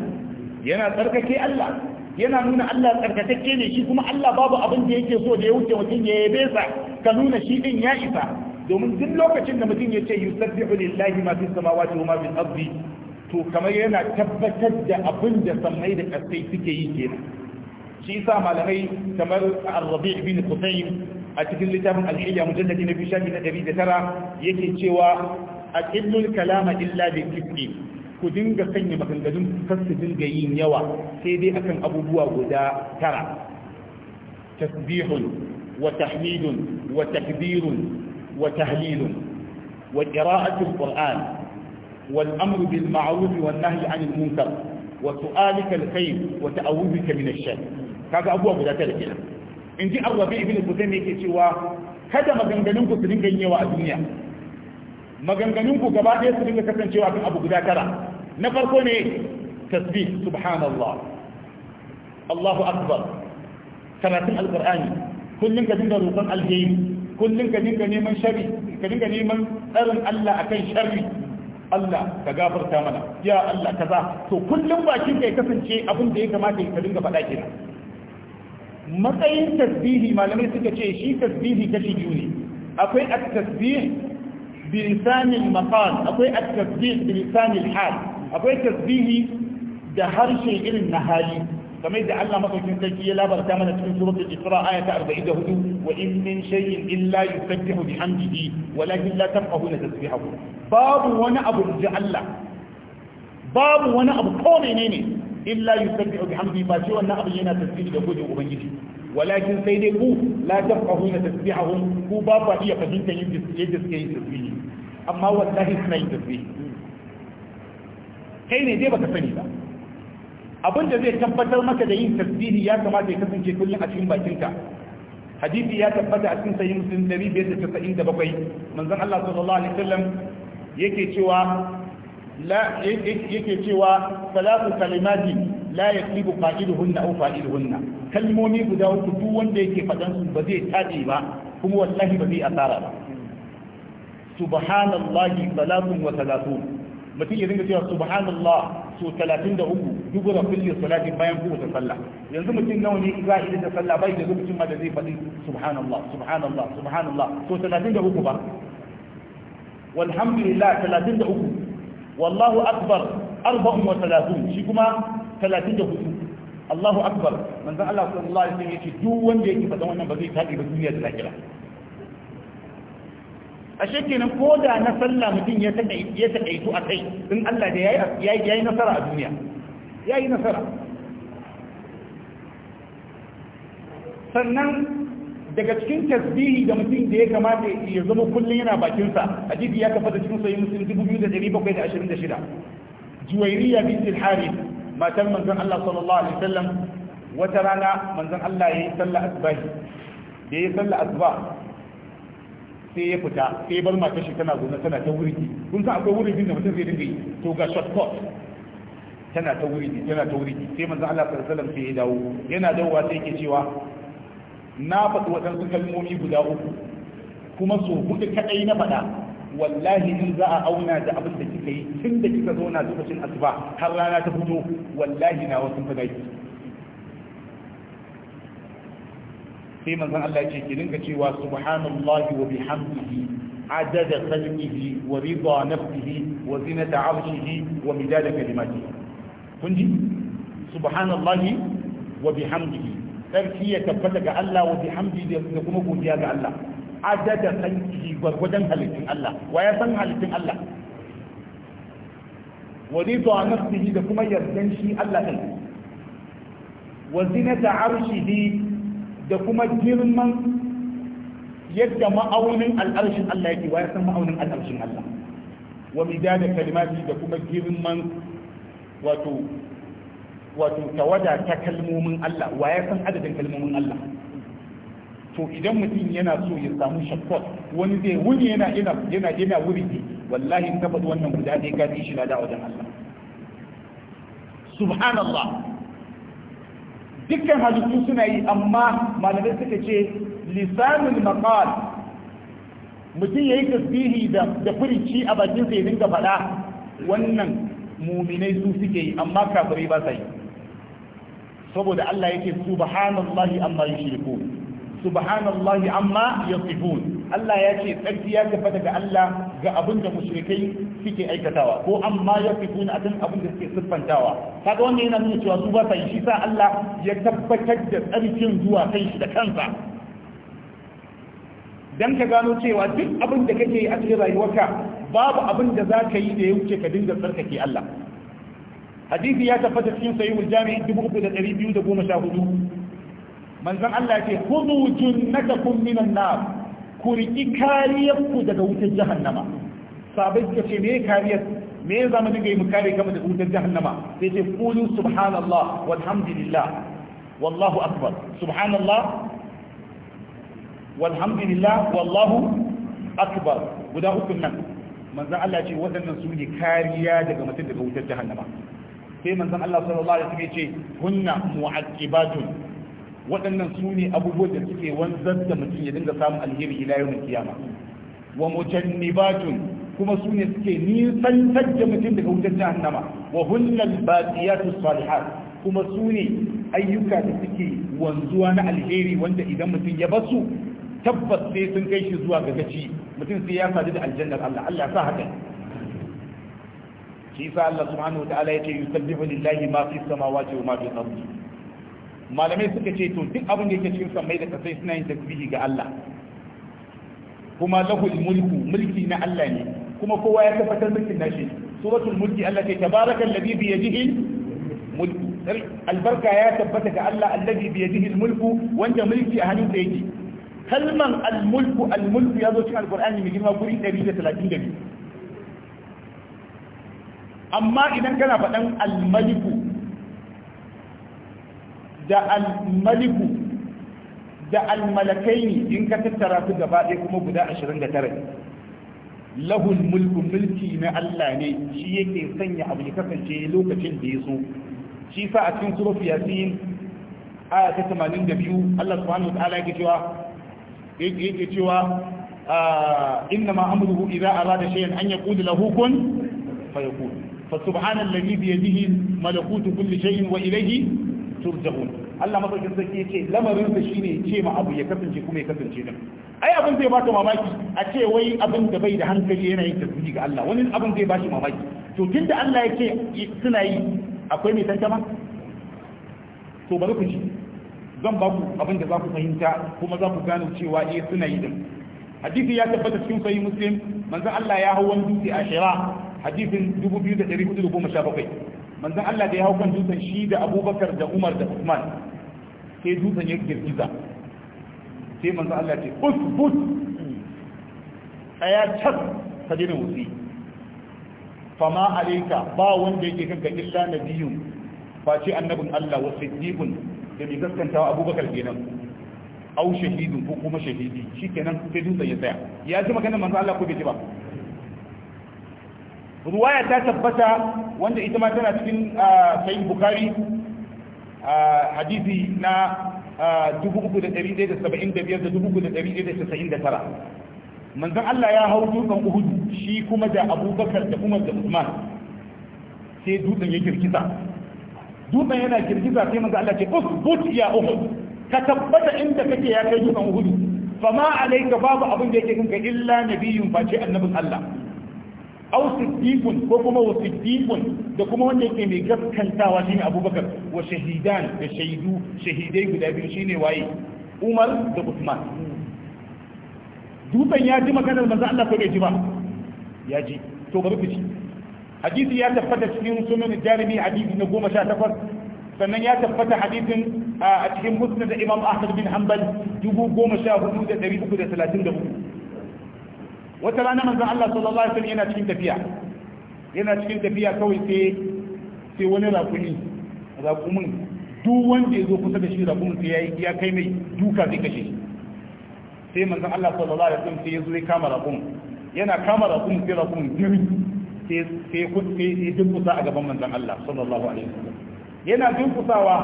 yana tsarkake Allah yana nuna Allah tsarkakakke ne shi kuma Allah babu abin da yake so da ya wuce mutum ya yabe sa ka nuna shi din ya isa domin duk lokacin da mutum ya ce yusabbihu lillahi ma fis samawati wa ma fil ardi to kamar yana tabbatar da abin da sammai da kasai suke yi kenan shi yasa malamai kamar Ar-Rabi' bin Qutaym a cikin littafin Al-Hilya mujallad na 2 shafi na 109 yake cewa aqillul kalama illa bi ku dinga sanya maganganun kar su dinga yin yawa sai dai akan abubuwa guda tara tasbihun wa tahmidun wa takbirun wa tahlilun wa qira'atul qur'an والأمر بالمعروف والنهي عن المنكر وسؤالك الخير وتأوبك من الشر kaga abubuwa guda tara kenan in ji arrabi ibn kusaimi yake cewa kada maganganun ku su dinga yawa a duniya maganganun ku gaba ɗaya su dinga kasancewa kan abu guda tara na farko ne tasbih subhanallah Allahu akbar karatun alqur'ani kullun ka dinga roƙon alheri kullun ka dinga neman sharri ka dinga neman tsarin Allah akan sharri Allah ka gafarta mana ya Allah kaza to kullun bakin ka ya kasance abin da ya kamata ka dinga faɗa kenan matsayin tasbihi malamai suka ce shi tasbihi kashi biyu ne akwai at-tasbih bilisanin maqal akwai at-tasbih bilisanin hal akwai tasbihi da harshe irin na hali kamar da Allah madaukakin sarki ya labarta mana cikin suratul Isra aya ta 44 wa in min shay'in illa yusabbihu bihamdihi walakin la tafqahuna tasbihahu babu wani abu da Allah babu wani abu ko menene illa yusabbihu bihamdihi ba shi wannan abu yana tasbihi da gode ubangiji walakin sai dai ku la tafqahuna tasbihahum ku ba ku iya fahimtar yin yadda suke yin tasbihi amma wallahi suna yin tasbihi kai ne dai baka sani ba abin da zai tabbatar maka da yin tasbihi ya kamata ya kasance kullum a cikin bakinka hadisi ya tabbata a cikin sahih muslim 597 manzon Allah sallallahu alaihi yake cewa la yake cewa salatu kalimati la yaqibu qa'iduhunna aw fa'iluhunna kalmomi guda uku duk wanda yake fadan su ba zai tabe ba kuma wallahi ba zai asara ba subhanallahi salatun wa salatun mutum ya dinga cewa subhanallah so 33 duk da kulli salatin bayan kowace sallah yanzu mutum nawa ne za a da sallah bai da lokacin ma da zai faɗi subhanallah subhanallah subhanallah so uku ba walhamdulillah talatin da uku. wallahu akbar arba'un wa talatun shi kuma talatin da hudu Allahu akbar manzon Allah sallallahu alaihi wasallam yace duk wanda yake faɗan wannan ba zai tafi ba duniya da lahira ashe kenan ko da na sallah mutum ya taƙai ya a kai in Allah da nasara a duniya yayi nasara sannan daga cikin tasbihi da mutum da ya kamata ya zama kullum yana bakinsa a hadisi ya kafa da cikin sahih muslim 2726 juwairiya bint al-harith matar manzon Allah sallallahu alaihi wasallam wata rana manzon Allah ya yi sallah asbahi da ya sallah asbah sai ya fita sai bar matar shi tana zaune tana ta wurgi kun san akwai wurgi da mutum zai dinga yi to ga shortcut tana ta wurgi tana ta wurgi sai manzon Allah sallallahu alaihi wasallam sai ya dawo yana dawowa sai yake cewa na faɗi waɗansu kalmomi guda uku kuma so huɗu kaɗai na faɗa wallahi in za a auna da abin da kika yi tun da kika zauna lokacin asuba har rana ta fito wallahi na wasu ta gaji. sai manzon Allah ce ki dinga cewa subhanallahi wa bihamdihi adada khalqihi wa rida nafsihi wa zinata arshihi wa midada kalimatihi kun ji subhanallahi wa bihamdihi sarki ya tabbata ga Allah wa bihamdi da kuma godiya ga Allah adada sanki gwargwadon halittun Allah wa ya san halittun Allah wa rito a nafsihi da kuma yardan shi Allah ɗin wa zinata arshihi da kuma girman yadda ma'aunin al'arshin Allah yake wa ya san ma'aunin al'arshin Allah wa midada kalimati da kuma girman wato wato tawada ta kalmomin Allah wa ya san adadin kalmomin Allah to idan mutum yana so ya samu shakkot wani zai wuni yana yana yana yana wuri wallahi ka faɗi wannan guda dai ka shi na da wajen Allah subhanallah dukkan halittu suna yi amma malamai suka ce lisanul maqal mutum yayi tasbihi da da furici a bakin sa ya dinga faɗa wannan muminai su suke yi amma kafirai ba sa yi saboda Allah yake subhanallahi amma yushrikun subhanallahi amma yasifun Allah ya ce tsarki ya tafi daga Allah ga abin da mushrikai suke aikatawa ko amma ya fito na akan abin da suke siffantawa kaga wannan yana nuna cewa su ba sa shi sa Allah ya tabbatar da tsarkin zuwa kai shi da kansa dan ka gano cewa duk abin da kake yi a cikin rayuwarka babu abin da za ka yi da ya wuce ka dinga tsarkake Allah hadisi ya tabbata cikin jami'in dubu uku da da ɗari biyu sahihul jami'i 3214 manzon Allah ya ce khudhu junnatakum minan nar ku riki kariyarku daga wutar jahannama sabai suka ce me kariyar me za mu dinga yi mu kare kama daga wutar jahannama sai ce qulu subhanallah walhamdulillah wallahu akbar subhanallah walhamdulillah wallahu akbar guda hukun nan manzon Allah ya ce waɗannan su ne kariya daga mutum daga wutar jahannama sai manzan Allah sallallahu alaihi wasallam ce hunna mu'aqibatun waɗannan su ne abubuwan da suke wanzar da mutum ya dinga samun alheri ila yawmin kiyama wa mujannibatun kuma su ne suke nisantar da mutum daga wutar jahannama wa hunnal baqiyatu salihat kuma su ne ayyuka da suke wanzuwa na alheri wanda idan mutum ya basu tabbas sai sun kai shi zuwa ga gaci mutum sai ya sadu da aljannar Allah Allah ya sa haka shi yasa Allah subhanahu wataala yake yusabbihu lillahi ma fi samawati wa ma fi ardi malamai suka ce to duk abin da yake cikin samai da kasai suna yin tasbihi ga Allah kuma lahul mulku mulki na Allah ne kuma kowa ya tabbatar mulkin nashi suratul mulki Allah ce tabarakal ladhi bi yadihi mulku albarka ya tabbata ga Allah alladhi bi yadihi mulku wanda mulki a hannun da yake kalman al-mulku al-mulku yazo cikin alqur'ani mai girma guri 132 amma idan kana faɗan almaliku da almaliku da almalakai ne in ka tattara su gaba ɗaya kuma guda ashirin da tara lahul mulku mulki na Allah ne shi yake sanya abu ya kasance lokacin da ya so shi sa a cikin surat yasin aya ta tamanin da biyu, Allah subhanahu wataala yake cewa yake cewa ah, inna ma amruhu idza arada shay'an an yaqulu lahu kun fayakun فسبحان الذي بيده ملكوت كل شيء وإليه ترجعون Allah madaukin sarki yace lamarin sa shine ce ma abu ya kasance kuma ya kasance din ai abin zai baka mamaki a ce wai abin da bai da hankali yana yin ga Allah wani abin zai bashi mamaki to tunda Allah yake suna yi akwai mai tantama to bari ku ji zan ba ku abin da za ku fahimta kuma za ku gano cewa eh suna yi din hadisi ya tabbata cikin sahih muslim manzon Allah ya hawan dutse a shira hadisin 2417 manzon Allah da ya hau kan dutsen shi da Abubakar da Umar da Usman sai dutsen ya girgiza sai manzon Allah ce usbut aya cak ka dina wutsi. fama alaika ba wanda yake kanka illa nabiyun face annabin Allah wa siddiqun da mai gaskantawa Abubakar kenan au shahidun ko kuma shahidi shikenan sai dutsen ya tsaya ya ji maganar manzon Allah ko bai ji ba ruwaya ta tabbata wanda ita ma tana cikin ah, sahih bukhari ah, hadisi na 3,175 ah, manzan Allah ya hau dutsen uhudu shi kuma da abubakar da umar da usman sai dutsen ya kirkisa dutsen yana kirkisa sai manzan Allah ce usbut ya uhud ka tabbata inda kake ya kai dutsen uhudu fama alaika babu abin da yake kanka illa nabiyun face annabin Allah aw siddiqun ko kuma wa siddiqun da kuma wanda yake mai gaskantawa shine abubakar wa shahidan da shaidu shahidai guda biyu shine waye umar da usman dutsen ya ji maganar manzo Allah ko bai ji ba ya ji to bari ku ci hadisi ya tabbata cikin sunan jarimi hadisi na goma sha takwas? sannan ya tabbata hadisin a cikin musnad imam ahmad bin hanbal 14334 wata rana manzon Allah sallallahu alaihi wasallam yana cikin tafiya yana cikin tafiya kawai sai sai wani rakumi rakumin duk wanda ya zo kusa da shi rakumin sai yayi ya kai mai duka sai kashe shi sai manzon Allah sallallahu alaihi wasallam sai ya ya kama rakumin yana kama sai jiri sai sai ya dinkusa a gaban manzon Allah sallallahu alaihi wasallam yana dinkusawa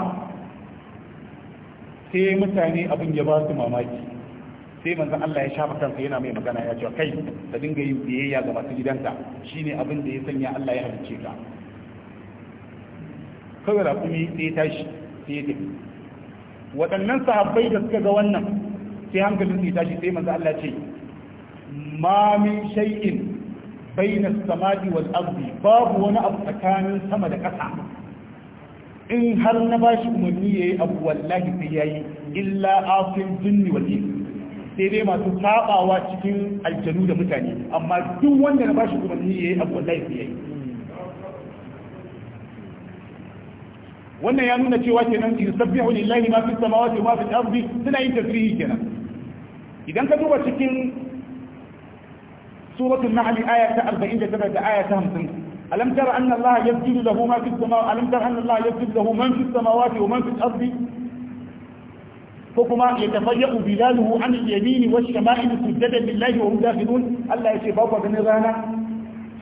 sai mutane abin ya ba su mamaki sai manzo Allah ya shafa kansa yana mai magana ya ce kai ka dinga yin biyayya ga masu gidanka shine abin da ya sanya Allah ya halicce ka kawai raƙumi sai ya tashi sai ya tafi waɗannan sahabbai da suka ga wannan sai hankalin su ya tashi sai manzo Allah ce ma min shay'in baina samadi wal ardi babu wani abu tsakanin sama da ƙasa in har na bashi umarni yayi yi abu wallahi sai ya illa afin jinni wal sai dai masu sabawa cikin aljanu da mutane amma duk wanda na bashi umarni yayi abu wallahi sai yayi wannan ya nuna cewa kenan yusabbihu lillahi ma fis samawati wa ma fil ardi suna yin tasbihi kenan idan ka duba cikin suratul nahl aya ta 49 da aya ta 50 ألم تر أن الله يسجد له ما في السماوات ألم تر أن الله يسجد له من في السماوات ومن في الأرض ko kuma ya tafayya bilaluhu an yamini wa shama'il sujjadan lillahi wa hum dakhilun Allah ya ce ba ku ganin rana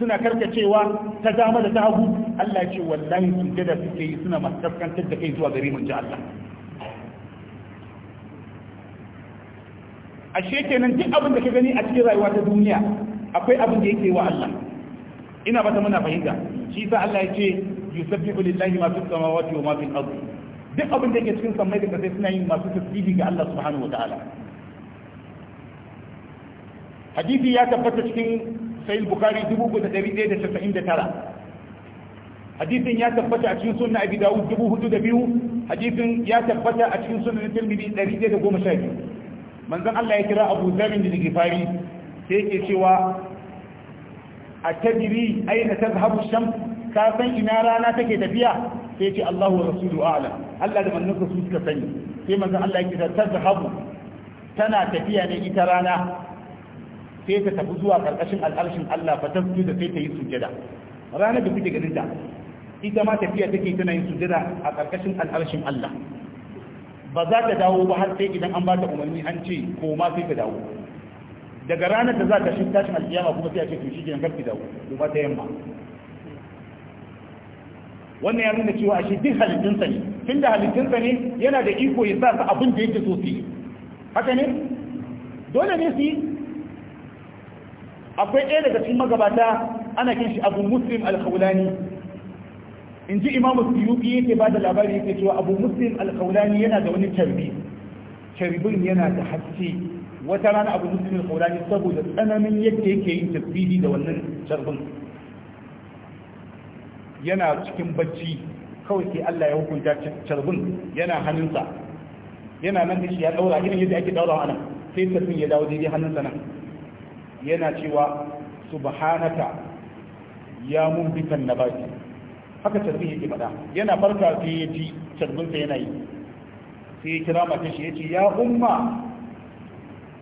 suna karkacewa ta dama da ta hagu Allah ce wallahi sujjada suke yi suna masu kaskantar da kai zuwa gare mu ji Allah ashe kenan duk abin da ka gani a cikin rayuwa ta duniya akwai abin da yake wa Allah ina ba ta muna fahimta shi sa Allah ya ce yusabbihu lillahi ma fis samawati wa ma fil ardi duk abin da yake cikin sammai da kasai suna yin masu tasbihi ga Allah subhanahu wataala hadisi ya tabbata cikin sahih bukhari 1199 hadisin ya tabbata a cikin sunan abi daud dubu da biyu hadisin ya tabbata a cikin sunan tirmidhi ɗari da goma manzon Allah ya kira Abu Zarin da Gifari sai yake cewa a tajiri aina tazhabu shams ka san ina rana take tafiya sai ce Allahu wa rasulu a'lam Allah da manzon su suka sani sai manzon Allah yake ta zahabu tana tafiya ne ita rana sai ta tafi zuwa karkashin al'arshin Allah fa tasjudu da sai ta yi sujada rana da kuke ganin ta ita ma tafiya take tana yin sujada a karkashin al'arshin Allah ba za ta dawo ba har sai idan an ba ta umarni an ce ko ma sai ta dawo daga ranar da za ta shi tashin alkiyama kuma sai a ce to shi kenan karki dawo ko ba ta yamma wannan ya nuna cewa ashe duk halittunsa ne tun da halittunsa ne yana da iko ya sa su abin da yake so su yi haka ne dole ne su yi akwai ɗaya daga cikin magabata ana kin shi abu muslim alkaulani in ji imamu suyuki yake ba da labari yake cewa abu muslim alkaulani yana da wani tarbi tarbin yana da haske wata rana abu muslim alkaulani saboda tsananin yadda yake yin tasbihi da wannan tarbin yana cikin bacci kawai sai Allah ya hukunta carbin yana hannunsa yana nan da shi ya daura irin yadda ake daura ana sai tafin ya dawo daidai hannunsa nan yana cewa subhanaka ya mun na baki. haka carbin yake faɗa yana farka sai ya ji carbinsa yana yi sai ya kira mata shi ya ce ya umma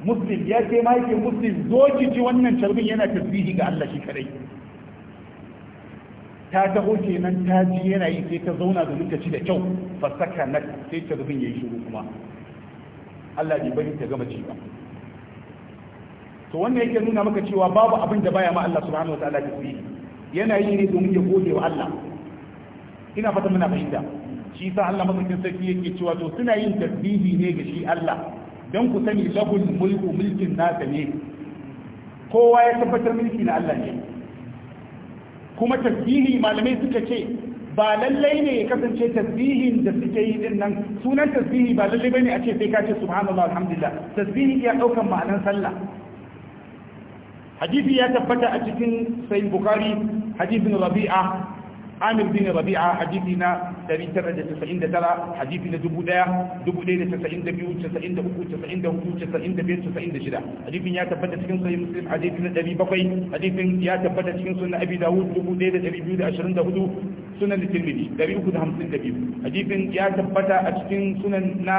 muslim ya ce mahaifin muslim zo ki ji wannan carbin yana tasbihi ga Allah shi kadai ta taho kenan ta ji yana yi sai ta zauna da ta da kyau fasaka na sai ta zubin yayi shiru kuma Allah bai bari ta gama ci ba to wannan yake nuna maka cewa babu abin da baya ma Allah subhanahu wataala ta yi yana yi ne domin ya gode wa Allah ina fata muna fahimta shi sa Allah madaukakin sarki yake cewa to suna yin tasbihi ne ga shi Allah dan ku sani lahul mulku mulkin nasa ne kowa ya tabbatar mulki na Allah ne kuma tasbihi malamai suka ce ba lallai ne ya kasance tasbihin da suke yi din nan sunan tasbihi ba lallai bane a ce sai ka ce subhanallah alhamdulillah tasbihi ya daukan ma'anar sallah hadisi ya tabbata a cikin sahih bukhari hadisin rabi'a amir bin rabi'a hadisi na 999 hadisi na 1000 1092 93 94 95 96 hadisin ya tabbata cikin sahih muslim hadisi na 700 hadisin ya tabbata cikin sunan abi dawud 1224 sunan tirmidhi 352 hadisin ya tabbata a cikin sunan na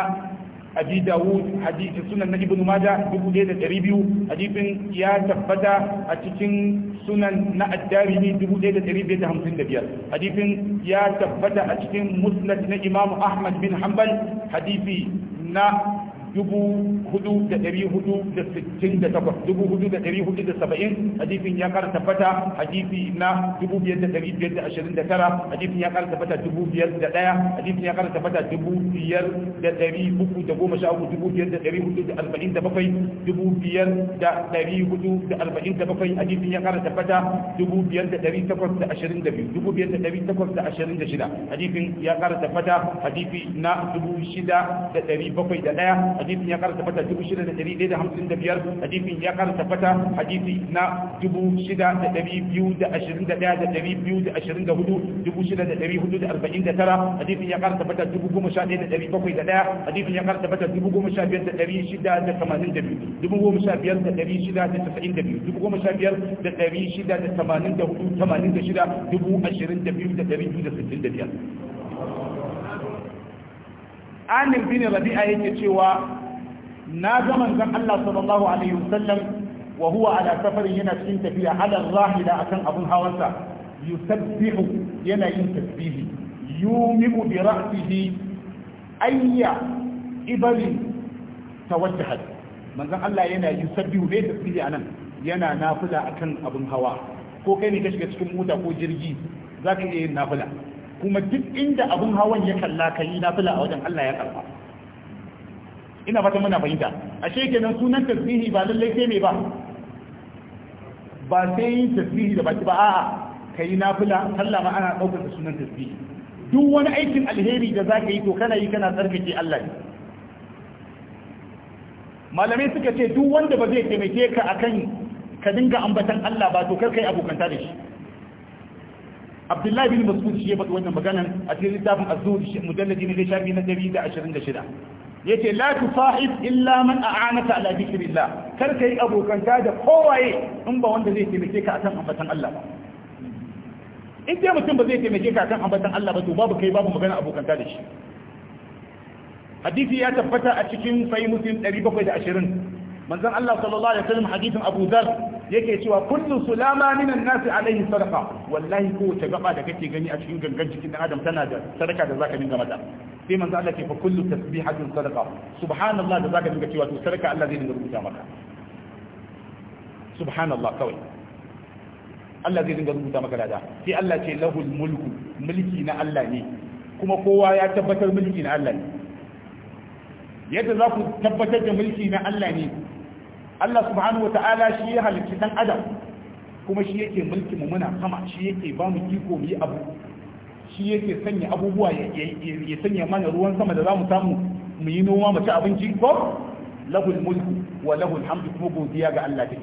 abi dawud hadisi sunan na ibnu majah dubu ɗaya da ɗari biyu hadisin ya tabbata a cikin sunan na addarimi dubu ɗaya da ɗari biyar da hamsin da biyar hadisin ya tabbata a cikin musnad na imam ahmad bin hanbal hadithi na dubu hudu da ɗari hudu da sittin da takwas dubu hudu da ɗari hudu da saba'in hadifin ya ƙara tabbata hadifi na dubu biyar da ɗari biyar da ashirin da tara hadifin ya ƙara tabbata dubu biyar da ɗaya hadifin ya ƙara tabbata dubu biyar da ɗari uku da goma sha uku dubu biyar da ɗari hudu da arba'in da bakwai dubu biyar da ɗari hudu da arba'in da bakwai hadifin ya ƙara tabbata dubu biyar da ɗari takwas da ashirin da biyu dubu biyar da ɗari takwas da ashirin da shida hadifin ya ƙara tabbata hadisi na dubu shida da ɗari bakwai da ɗaya hadisin ya kara tabbata biyar hadisin ya kara tabbata hadisi na tara hadisin ya kara tabbata 10701 hadisin ya kara tabbata biyu da 15684 da biyar. Anin bin rabi'a yake cewa na ga manzon Allah sallallahu alaihi wasallam wa huwa ala safarin yana cikin tafiya ala rahila akan abun hawansa yusabbihu yana yin tasbihi yumiu bi ra'sihi ayya ibali tawajjahat manzon Allah yana yusabbihu bai tasbihi anan yana nafila akan abun hawa ko kai ne ka shiga cikin mota ko jirgi zaka iya yin nafila kuma duk inda abun hawan ya kalla ka yi nafila a wajen Allah ya karba ina fata muna fahimta ashe kenan sunan tasbihi ba lallai sai me ba ba sai yin tasbihi da baki ba a'a kai nafila sallama ma ana daukar sunan tasbihi duk wani aikin alheri da zaka yi to kana yi kana tsarkake Allah ne malamai suka ce duk wanda ba zai taimake ka akan ka dinga ambatan Allah ba to kar kai abokanta da shi abdullahi bin mas'ud shi ya faɗi wannan maganan a cikin littafin az-zuhri mujalladi ne shafi na dari da da ashirin shida yace la tusahib illa man a'anaka ala dhikrillah kar kai abokanta da kowaye in ba wanda zai taimake ka akan ambatan Allah ba in dai mutum ba zai taimake ka akan ambatan Allah ba to babu kai babu magana abokanta da shi hadisi ya tabbata a cikin sahih muslim 720 manzon Allah sallallahu alaihi wasallam hadisin Abu Dharr yake cewa kullu sulama minan nasi alaihi sadaqa wallahi ko ta gaba da kake gani a cikin gangan cikin adam tana da sadaka da zaka dinga mata sai manzo Allah ce fa kullu tasbihatin sadaqa subhanallah da zaka dinga cewa to sadaka Allah zai dinga rubuta maka subhanallah kawai Allah zai dinga rubuta maka lada sai Allah ce lahul mulku mulki na Allah ne kuma kowa ya tabbatar mulki na Allah ne yadda za ku tabbatar da mulki na Allah ne Allah subhanahu wata'ala shi ya halitta dan adam kuma shi yake mulki mu muna sama shi yake ba mu iko mu yi abu shi yake sanya abubuwa ya sanya mana ruwan sama da zamu samu mu yi noma mu ci abinci ko lahul mulku wa lahul hamdu kuma godiya ga Allah take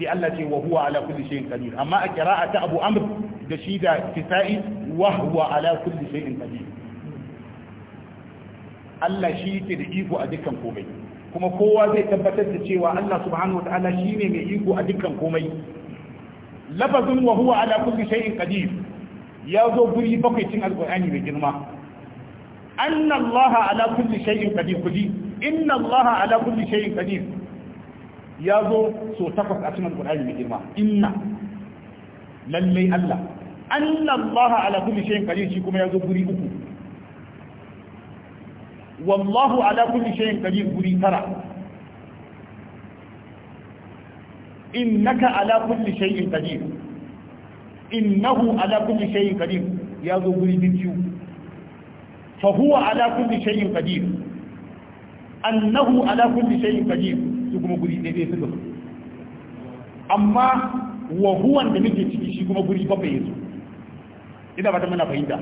sai Allah ce wa huwa ala kulli shay'in qadir amma a qira'a ta Abu Amr da shi da Kisa'i wa huwa ala kulli shay'in qadir Allah shi yake da iko a dukkan komai kuma kowa zai tabbatar da cewa Allah subhanahu wataala shine mai iko a dukkan komai lafazin wa huwa ala kulli shay'in qadir ya zo guri bakwai cin alqur'ani mai girma anna Allah ala kulli shay'in qadir kuji inna Allah ala kulli shay'in qadir ya zo so takwas a cikin alqur'ani mai girma inna lallai Allah anna Allah ala kulli shay'in qadir shi kuma ya zo guri uku wallahu ala kulli shay'in qadir guri tara innaka ala kulli shay'in qadir innahu ala kulli shay'in qadir ya zo guri biyu fa huwa ala kulli shay'in qadir annahu ala kulli shay'in qadir su kuma guri ɗaya suka amma wa huwan da muke ciki shi kuma guri bakwai yazo ina muna fahimta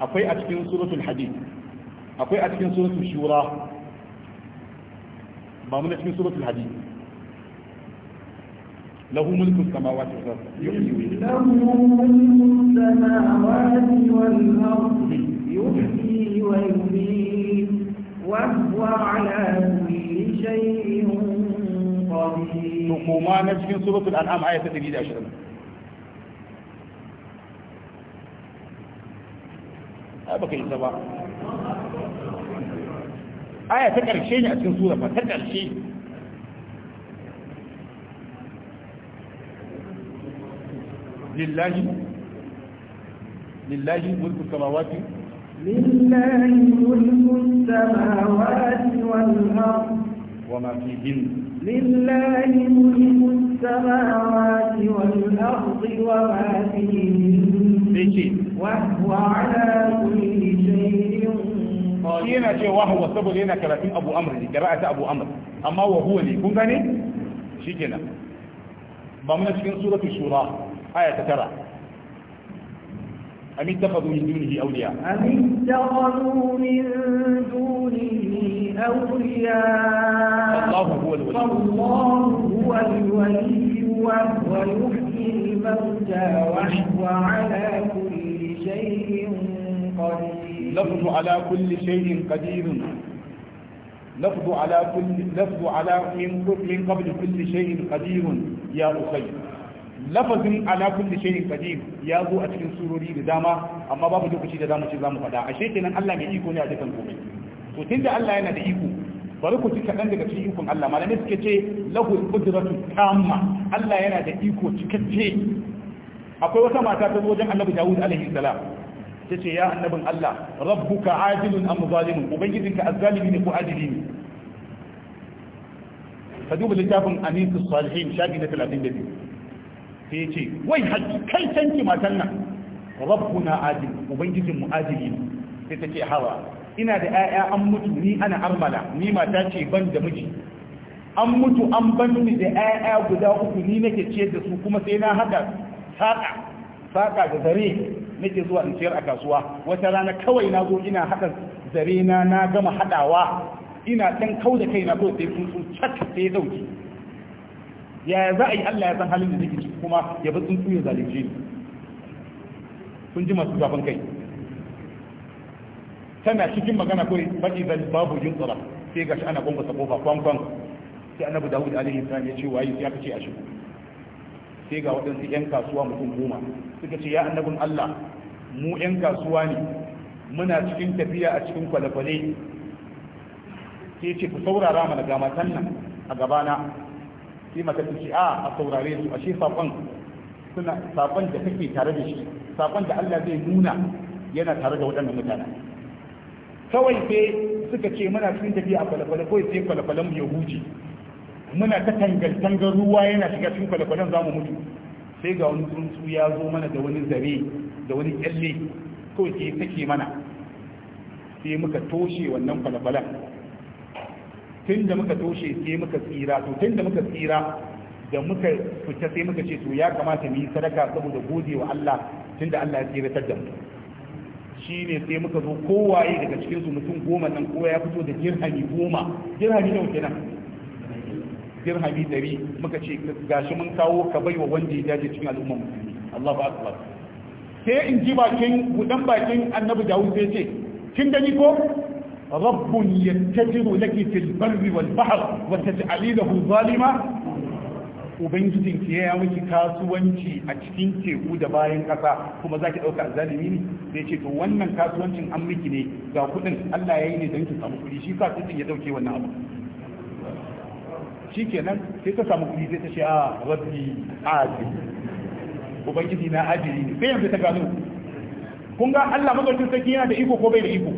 akwai a cikin suratul hadid akwai a cikin suratul shura ba mun cikin suratul hadid lahu mulkus samawati wal ardh lahu mulkus samawati wal ardh yuhyi wa yumiit wa huwa ala kulli shay'in kuma na cikin suratul an'am ayatu 120 أبك آه، الإنسواء آية تجعل شيء أتكن سورة ما تجعل شيء لله لله ملك السماوات لله ملك السماوات والأرض وما فيهن لله ملك السماوات والأرض وما فيهن وهو على كل شيء shi yana ce wahuwa saboda yana karatun abu amr ne kira'a ta abu amr amma wa huwa ne kun gane shi kenan ba cikin suratu shura aya tara أم اتخذوا من دونه أولياء أم اتخذوا من دونه أولياء الله هو الولي الله هو الولي وهو يحيي الموتى وهو على كل شيء قدير لفظ على كل شيء قدير لفظ على كل لفظ على من قبل كل شيء قدير يا أخي lafazin alakun da shay'in qadir ya zo a cikin surori da dama amma babu lokaci da zamu ce zamu faɗa ashe nan Allah mai iko ne a dukan komai to da Allah yana da iko bari ku ci kaɗan daga cikin ikon Allah malamai suke ce lahu qudratu tamma Allah yana da iko cikakke akwai wata mata ta zo wajen Annabi Dawud alaihi salam ce ya annabin Allah rabbuka adilun am zalimun ubangijinka azzalimi ne ko adili ne ka duba littafin anisus salihin shafi na 32 sai ce wai haji kai canki matan nan rabbuna ajil ubangijin mu ajili sai ta ce hawa ina da 'ya'ya an mutu ni ana armala ni mata ce ban da miji an mutu an ban ni da 'ya'ya guda uku ni nake ciyar da su kuma sai na hada saƙa saƙa da zare nake zuwa in ciyar a kasuwa wata rana kawai na zo ina hada zare na na gama haɗawa. ina ɗan kau da kaina ko sai sun sun cak sai dauki yaya za a yi Allah ya san halin da nake ciki kuma ya bi tsuntsu ya zalunce ni sun ji masu zafin kai tana cikin magana kawai faɗi zan babu yin tsara sai gashi ana gwangwasa kofa kwankwan sai annabi dawud alaihi salam ya ce waye sai aka ce a shigo sai ga waɗansu ƴan kasuwa mutum goma suka ce ya annabin Allah mu ƴan kasuwa ne muna cikin tafiya a cikin kwale-kwale sai ce ku saurara mana ga matan nan a gabana sai mata ta a a saurare su ashe sakon suna sakon da kake tare da shi sakon da Allah zai nuna yana tare da waɗannan mutane kawai sai suka ce muna cikin tafiya a kwale-kwale kawai sai kwale-kwalen mu ya huce muna ta tangal ruwa yana shiga cikin kwale-kwalen za mu mutu sai ga wani tsuntsu ya zo mana da wani zare da wani kyalle kawai sai sake mana sai muka toshe wannan kwale-kwalen tun da muka toshe sai muka tsira to tun da muka tsira da muka fita sai muka ce to ya kamata mu yi sadaka saboda gode wa Allah tun da Allah ya tsiratar da mu shi ne sai muka zo kowaye daga cikin su mutum goma nan kowa ya fito da dirhami goma dirhami nawa kenan dirhami dari muka ce gashi mun kawo ka baiwa wanda ya dace cikin al'umma musulmi Allahu akbar sai in ji bakin gudan bakin annabi Dawud sai ce kin gani ko رب يتجر لك في البر والبحر وتجعلي له ظالما ubangijin ki ya miki kasuwanci a cikin teku da bayan kasa kuma zaki dauka zalimi ne sai ce to wannan kasuwancin an miki ne ga kudin Allah yayi ne don ki samu kudi shi kasuwancin ya dauke wannan abu shikenan sai ta samu kudi sai ta ce a ah, rabbi aji ubangiji na ajiri ne sai yanzu ta gano kun ga Allah madaukakin sarki yana da iko ko bai da iko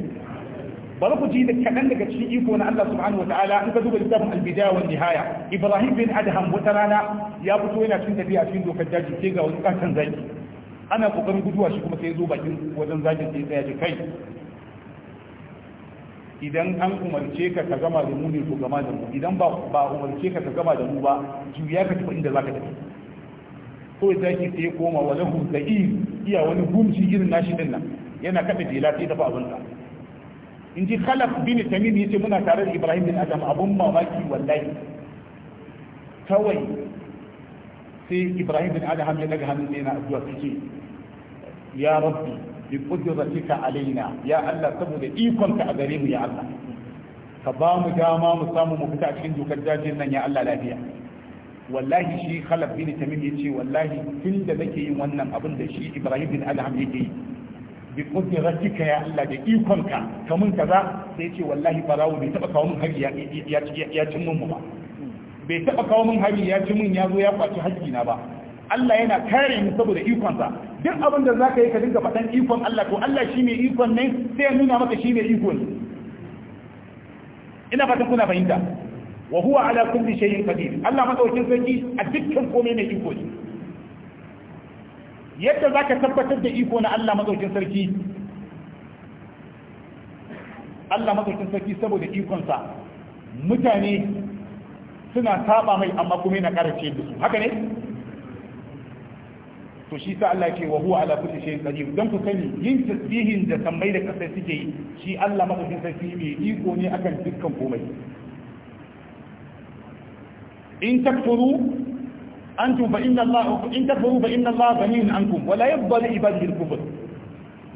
bari ku ji da kaɗan daga cikin iko na Allah subhanahu wa ta'ala in ka duba littafin albidaya wani nihaya Ibrahim bin Adham wata rana ya fito yana cin tafiya cikin dokar daji sai ga wani katon zaki ana kokarin guduwa shi kuma sai ya zo bakin wajen zakin sai tsaya ji kai idan an umarce ka ka gama da mu ne ko gama da mu idan ba ba umarce ka ka gama da mu ba juya ka tafi inda zaka tafi ko zaki sai ya koma walahu za'ir iya wani gumci irin nashi din nan yana kada jela sai tafi abin sa in ji khalaf bin tamim yace muna tare da ibrahim bin adam abun mamaki wallahi kawai sai ibrahim bin adam ya daga hannun yana addu'a kace ya rabbi bi qudratika alaina ya allah saboda ikonka a gare mu ya allah ka ba mu dama mu samu mu fita a cikin dokar jajin nan ya allah lafiya wallahi shi khalaf bin tamim yace wallahi tun da nake yin wannan abin da shi ibrahim bin adam yake yi bi qudratika ya Allah da ka kamun kaza sai ce wallahi farao bai taba kawo mun hari ya ya cin mun ba bai taba kawo mun hari ya cin mun ya zo ya kwaci haji na ba Allah yana kare mu saboda ikonsa duk abin da zaka yi ka dinga fatan ikon Allah to Allah shi mai ikon ne sai ya nuna maka shi mai ikon ina fatan kuna fahimta wa huwa ala kulli shay'in qadir Allah madaukin sarki a dukkan komai mai iko yadda za ka tabbatar da iko na Allah matsaukin sarki Allah matsaukin sarki saboda ikonsa mutane suna saba mai amma kuma yana karace da su haka ne to shi sa Allah ce wa huwa ala kulli shay'in qadir dan ku sani yin tasbihin da sammai da kasai suke yi shi Allah madaukakin sarki mai iko ne akan dukkan komai in takfuru antum fa inna Allah in takfuru fa inna Allah ghaniyun ankum wa la yabda li ibadihi al-kufr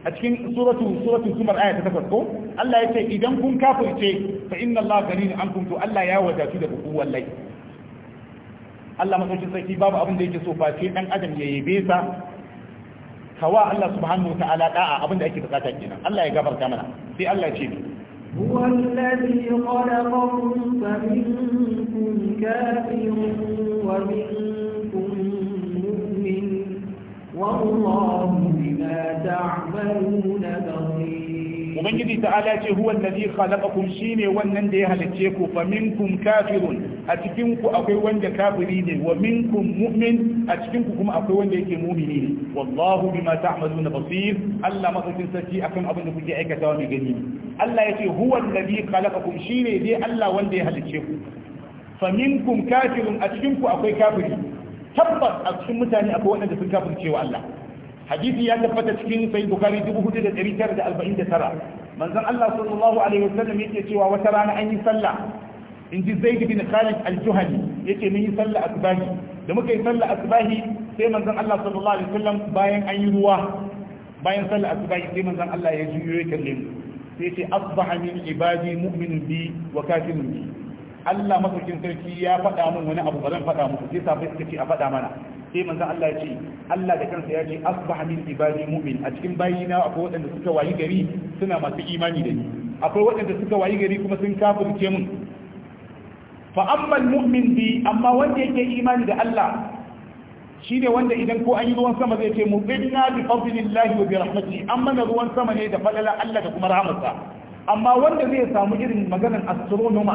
a cikin suratu suratu zumar aya ta takwas ko Allah ya ce idan kun kafirce fa inna Allah ghaniyun ankum to Allah ya wadatu da ku wallahi Allah madaukakin sarki babu abin da yake so face dan adam ya yabe sa kawa Allah subhanahu wa ta'ala da'a abin da ake bukata kenan Allah ya gafarta mana sai Allah ya ce ni هو الذي خلقكم فمنكم كافر ومنكم Ubangiji ta ya ce huwan nabi khalaqakum shi ne wannan da ya halicce ku fa minkum kafirun a cikin ku akwai wanda kafiri ne wa minkum mu'min a cikin kuma akwai wanda yake mu'mini ne wallahu bima ta'maluna basir Allah ma sakin akan abin kuke aikata mai gani Allah yace huwan nabi khalaqakum shi ne dai Allah wanda ya halicce ku fa minkum kafirun a cikin ku akwai kafiri tabbas a cikin mutane akwai waɗanda sun kafirce wa Allah hadisi ya tabbata cikin sai bukari 4949 manzon Allah sallallahu alaihi wasallam yake cewa wata rana an yi sallah in ji zaid na khalid al-juhani yake mun yi sallah asbahi da muka yi sallah asbahi sai manzon Allah sallallahu alaihi wasallam bayan an yi ruwa bayan sallah asbahi sai manzon Allah ya juyo ya kalle sai ce asbaha min ibadi mu'minun bi wa kafirun bi Allah masaukin sarki ya faɗa min wani abu ba zan faɗa muku sai sabai suka ce a faɗa mana sai manzon Allah ya ce Allah da kansa ya ce asbaha min ibadi mu'min a cikin bayina akwai waɗanda suka wayi gari suna masu imani da ni akwai waɗanda suka wayi gari kuma sun kafirce mun fa amma mu'min bi amma wanda yake imani da Allah shine wanda idan ko an yi ruwan sama zai ce mu bi fadlillahi wa bi rahmatihi amma ruwan sama ne da falala Allah da kuma rahmatsa amma wanda zai samu irin maganar astronoma,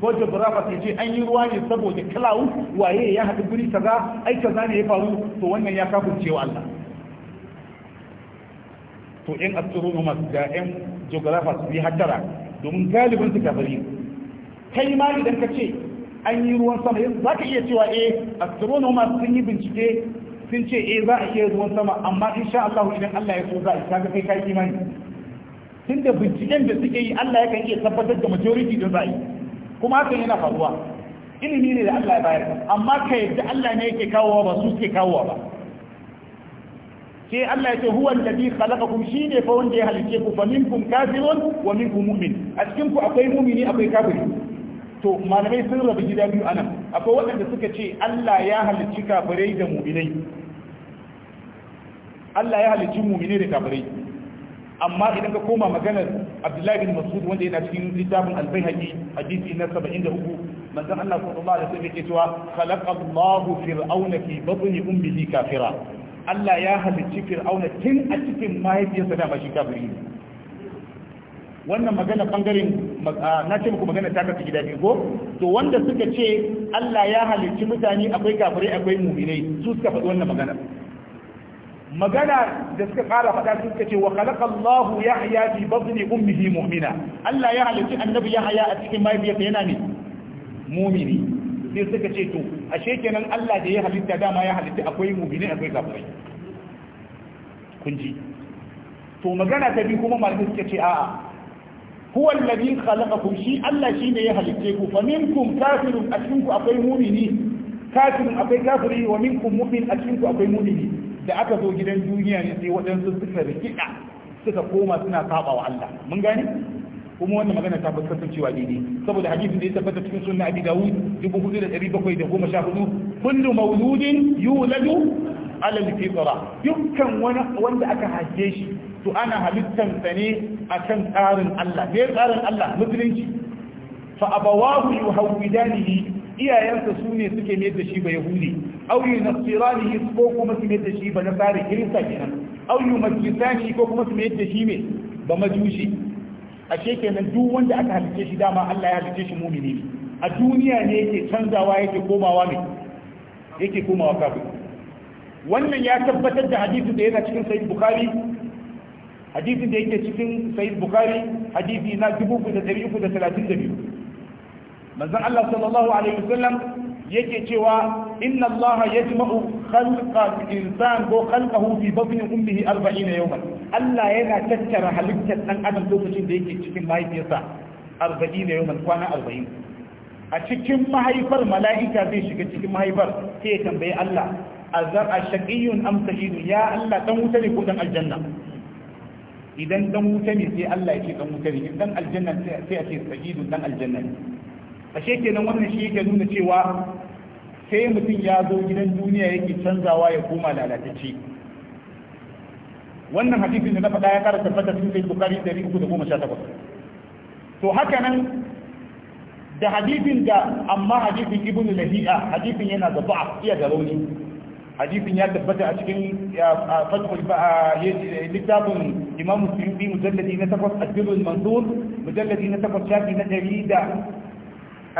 ko geographer sai ce an yi ruwa ne saboda cloud waye ya haɗu guri kaza ai za ne ya faru to wannan ya kafin cewa Allah to yan astronomas da yan geographers su yi hattara domin galibin su Ta kai ma idan ka ce an yi ruwan sama za ka iya cewa eh astronomas sun yi bincike sun ce eh za a iya ruwan sama amma insha Allah idan Allah ya so za a isa ga kai kai imani tun da binciken da suke yi Allah ya kan iya tabbatar da majority da za'i kuma hakan yana faruwa ilimi ne da Allah ya bayar amma ka yadda Allah ne yake kawowa ba su suke kawowa ba sai Allah ya ce huwa alladhi khalaqakum shine fa wanda ya halice ku fa minkum kafirun wa minkum mu'min a cikin ku akwai mu'mini akwai kafiri to malamai sun rabu gida biyu anan akwai waɗanda suka ce Allah ya halicci kafirai da mu'minai Allah ya halicci mu'minai da kafirai amma idan ka koma maganar abdullahi bin masud wanda yana cikin littafin albayhaqi hadisi na 73 manzon Allah sallallahu alaihi wasallam yake cewa khalaqallahu fir'auna fi batni ummihi kafira Allah ya halicci fir'auna tun a cikin mahaifiyarsa da bashi kafiri ne wannan magana bangaren ah, na ce muku magana ta kasu gida biyu ko to wanda suka ce Allah ya halicci mutane akwai kafirai akwai mu'minai su suka faɗi wannan magana magana da suka kara faɗa sun ce wa khalaqa Allah Yahya fi batni ummihi mu'mina Allah ya halitta annabi Yahya a cikin mahaifiyarsa yana ne mu'mini sai suka ce to ashe kenan Allah da ya halitta dama ya halitta akwai mu'mini akwai kafirai kun ji to magana ta bi kuma malamai suka ce a'a huwa alladhi khalaqakum shi Allah shi ne ya halitte ku fa minkum kafirun a cikin ku akwai mu'mini kafirun akwai kafiri wa minkum mu'min a cikin ku akwai mu'mini da aka zo gidan duniya ne sai waɗansu suka rikida suka koma suna saba wa Allah mun gane kuma wannan magana ta fi kasancewa daidai saboda hadisin da ya tabbata cikin sunna abi dawud 4714 kullu mauludin yuladu ala al-fitra dukkan wani wanda aka haife shi to ana halittan sa ne akan tsarin Allah ne tsarin Allah musulunci fa abawahu yuhawidanihi iyayensa su ne suke mai da shi ba yahudi na tsirani su ko kuma su mai da shi ba na tsari kirista kenan auyu yi ko kuma su mai da shi ne ba majushi a nan duk wanda aka halice shi dama Allah ya halice shi mumini ne a duniya ne yake canzawa yake komawa ne yake komawa kafi wannan ya tabbatar da hadisin da yana cikin sahih bukhari hadisin da yake cikin sahih bukhari hadisi na 3332 manzon Allah sallallahu alaihi wasallam yake cewa inna Allah yajma'u khalqa insan ko khalqahu fi batni ummihi 40 yawman Allah yana tattara halittar dan adam lokacin da yake cikin mahaifiyarsa 40 yawman kwana 40 a cikin mahaifar mala'ika zai shiga cikin mahaifar sai ya tambayi Allah azar a shaƙiyun amsahinu ya Allah ɗan wuta ne ko ɗan aljanna idan ɗan wuta ne sai Allah ya ce ɗan wuta ne idan aljanna sai a ce sahidun ɗan aljanna ne ashe kenan wannan shi yake nuna cewa sai mutum ya zo gidan duniya yake canzawa ya koma lalatacce wannan hadisin da na faɗa ya ƙara tabbata sun sai bukari 318 to haka nan da hadisin da amma hadisin ibn lahi'a hadisin yana da ba'a iya da rauni hadisin ya tabbata a cikin fatul littafin imam musulmi mujalladi na takwas adilul mansur mujalladi na takwas shafi na ɗari da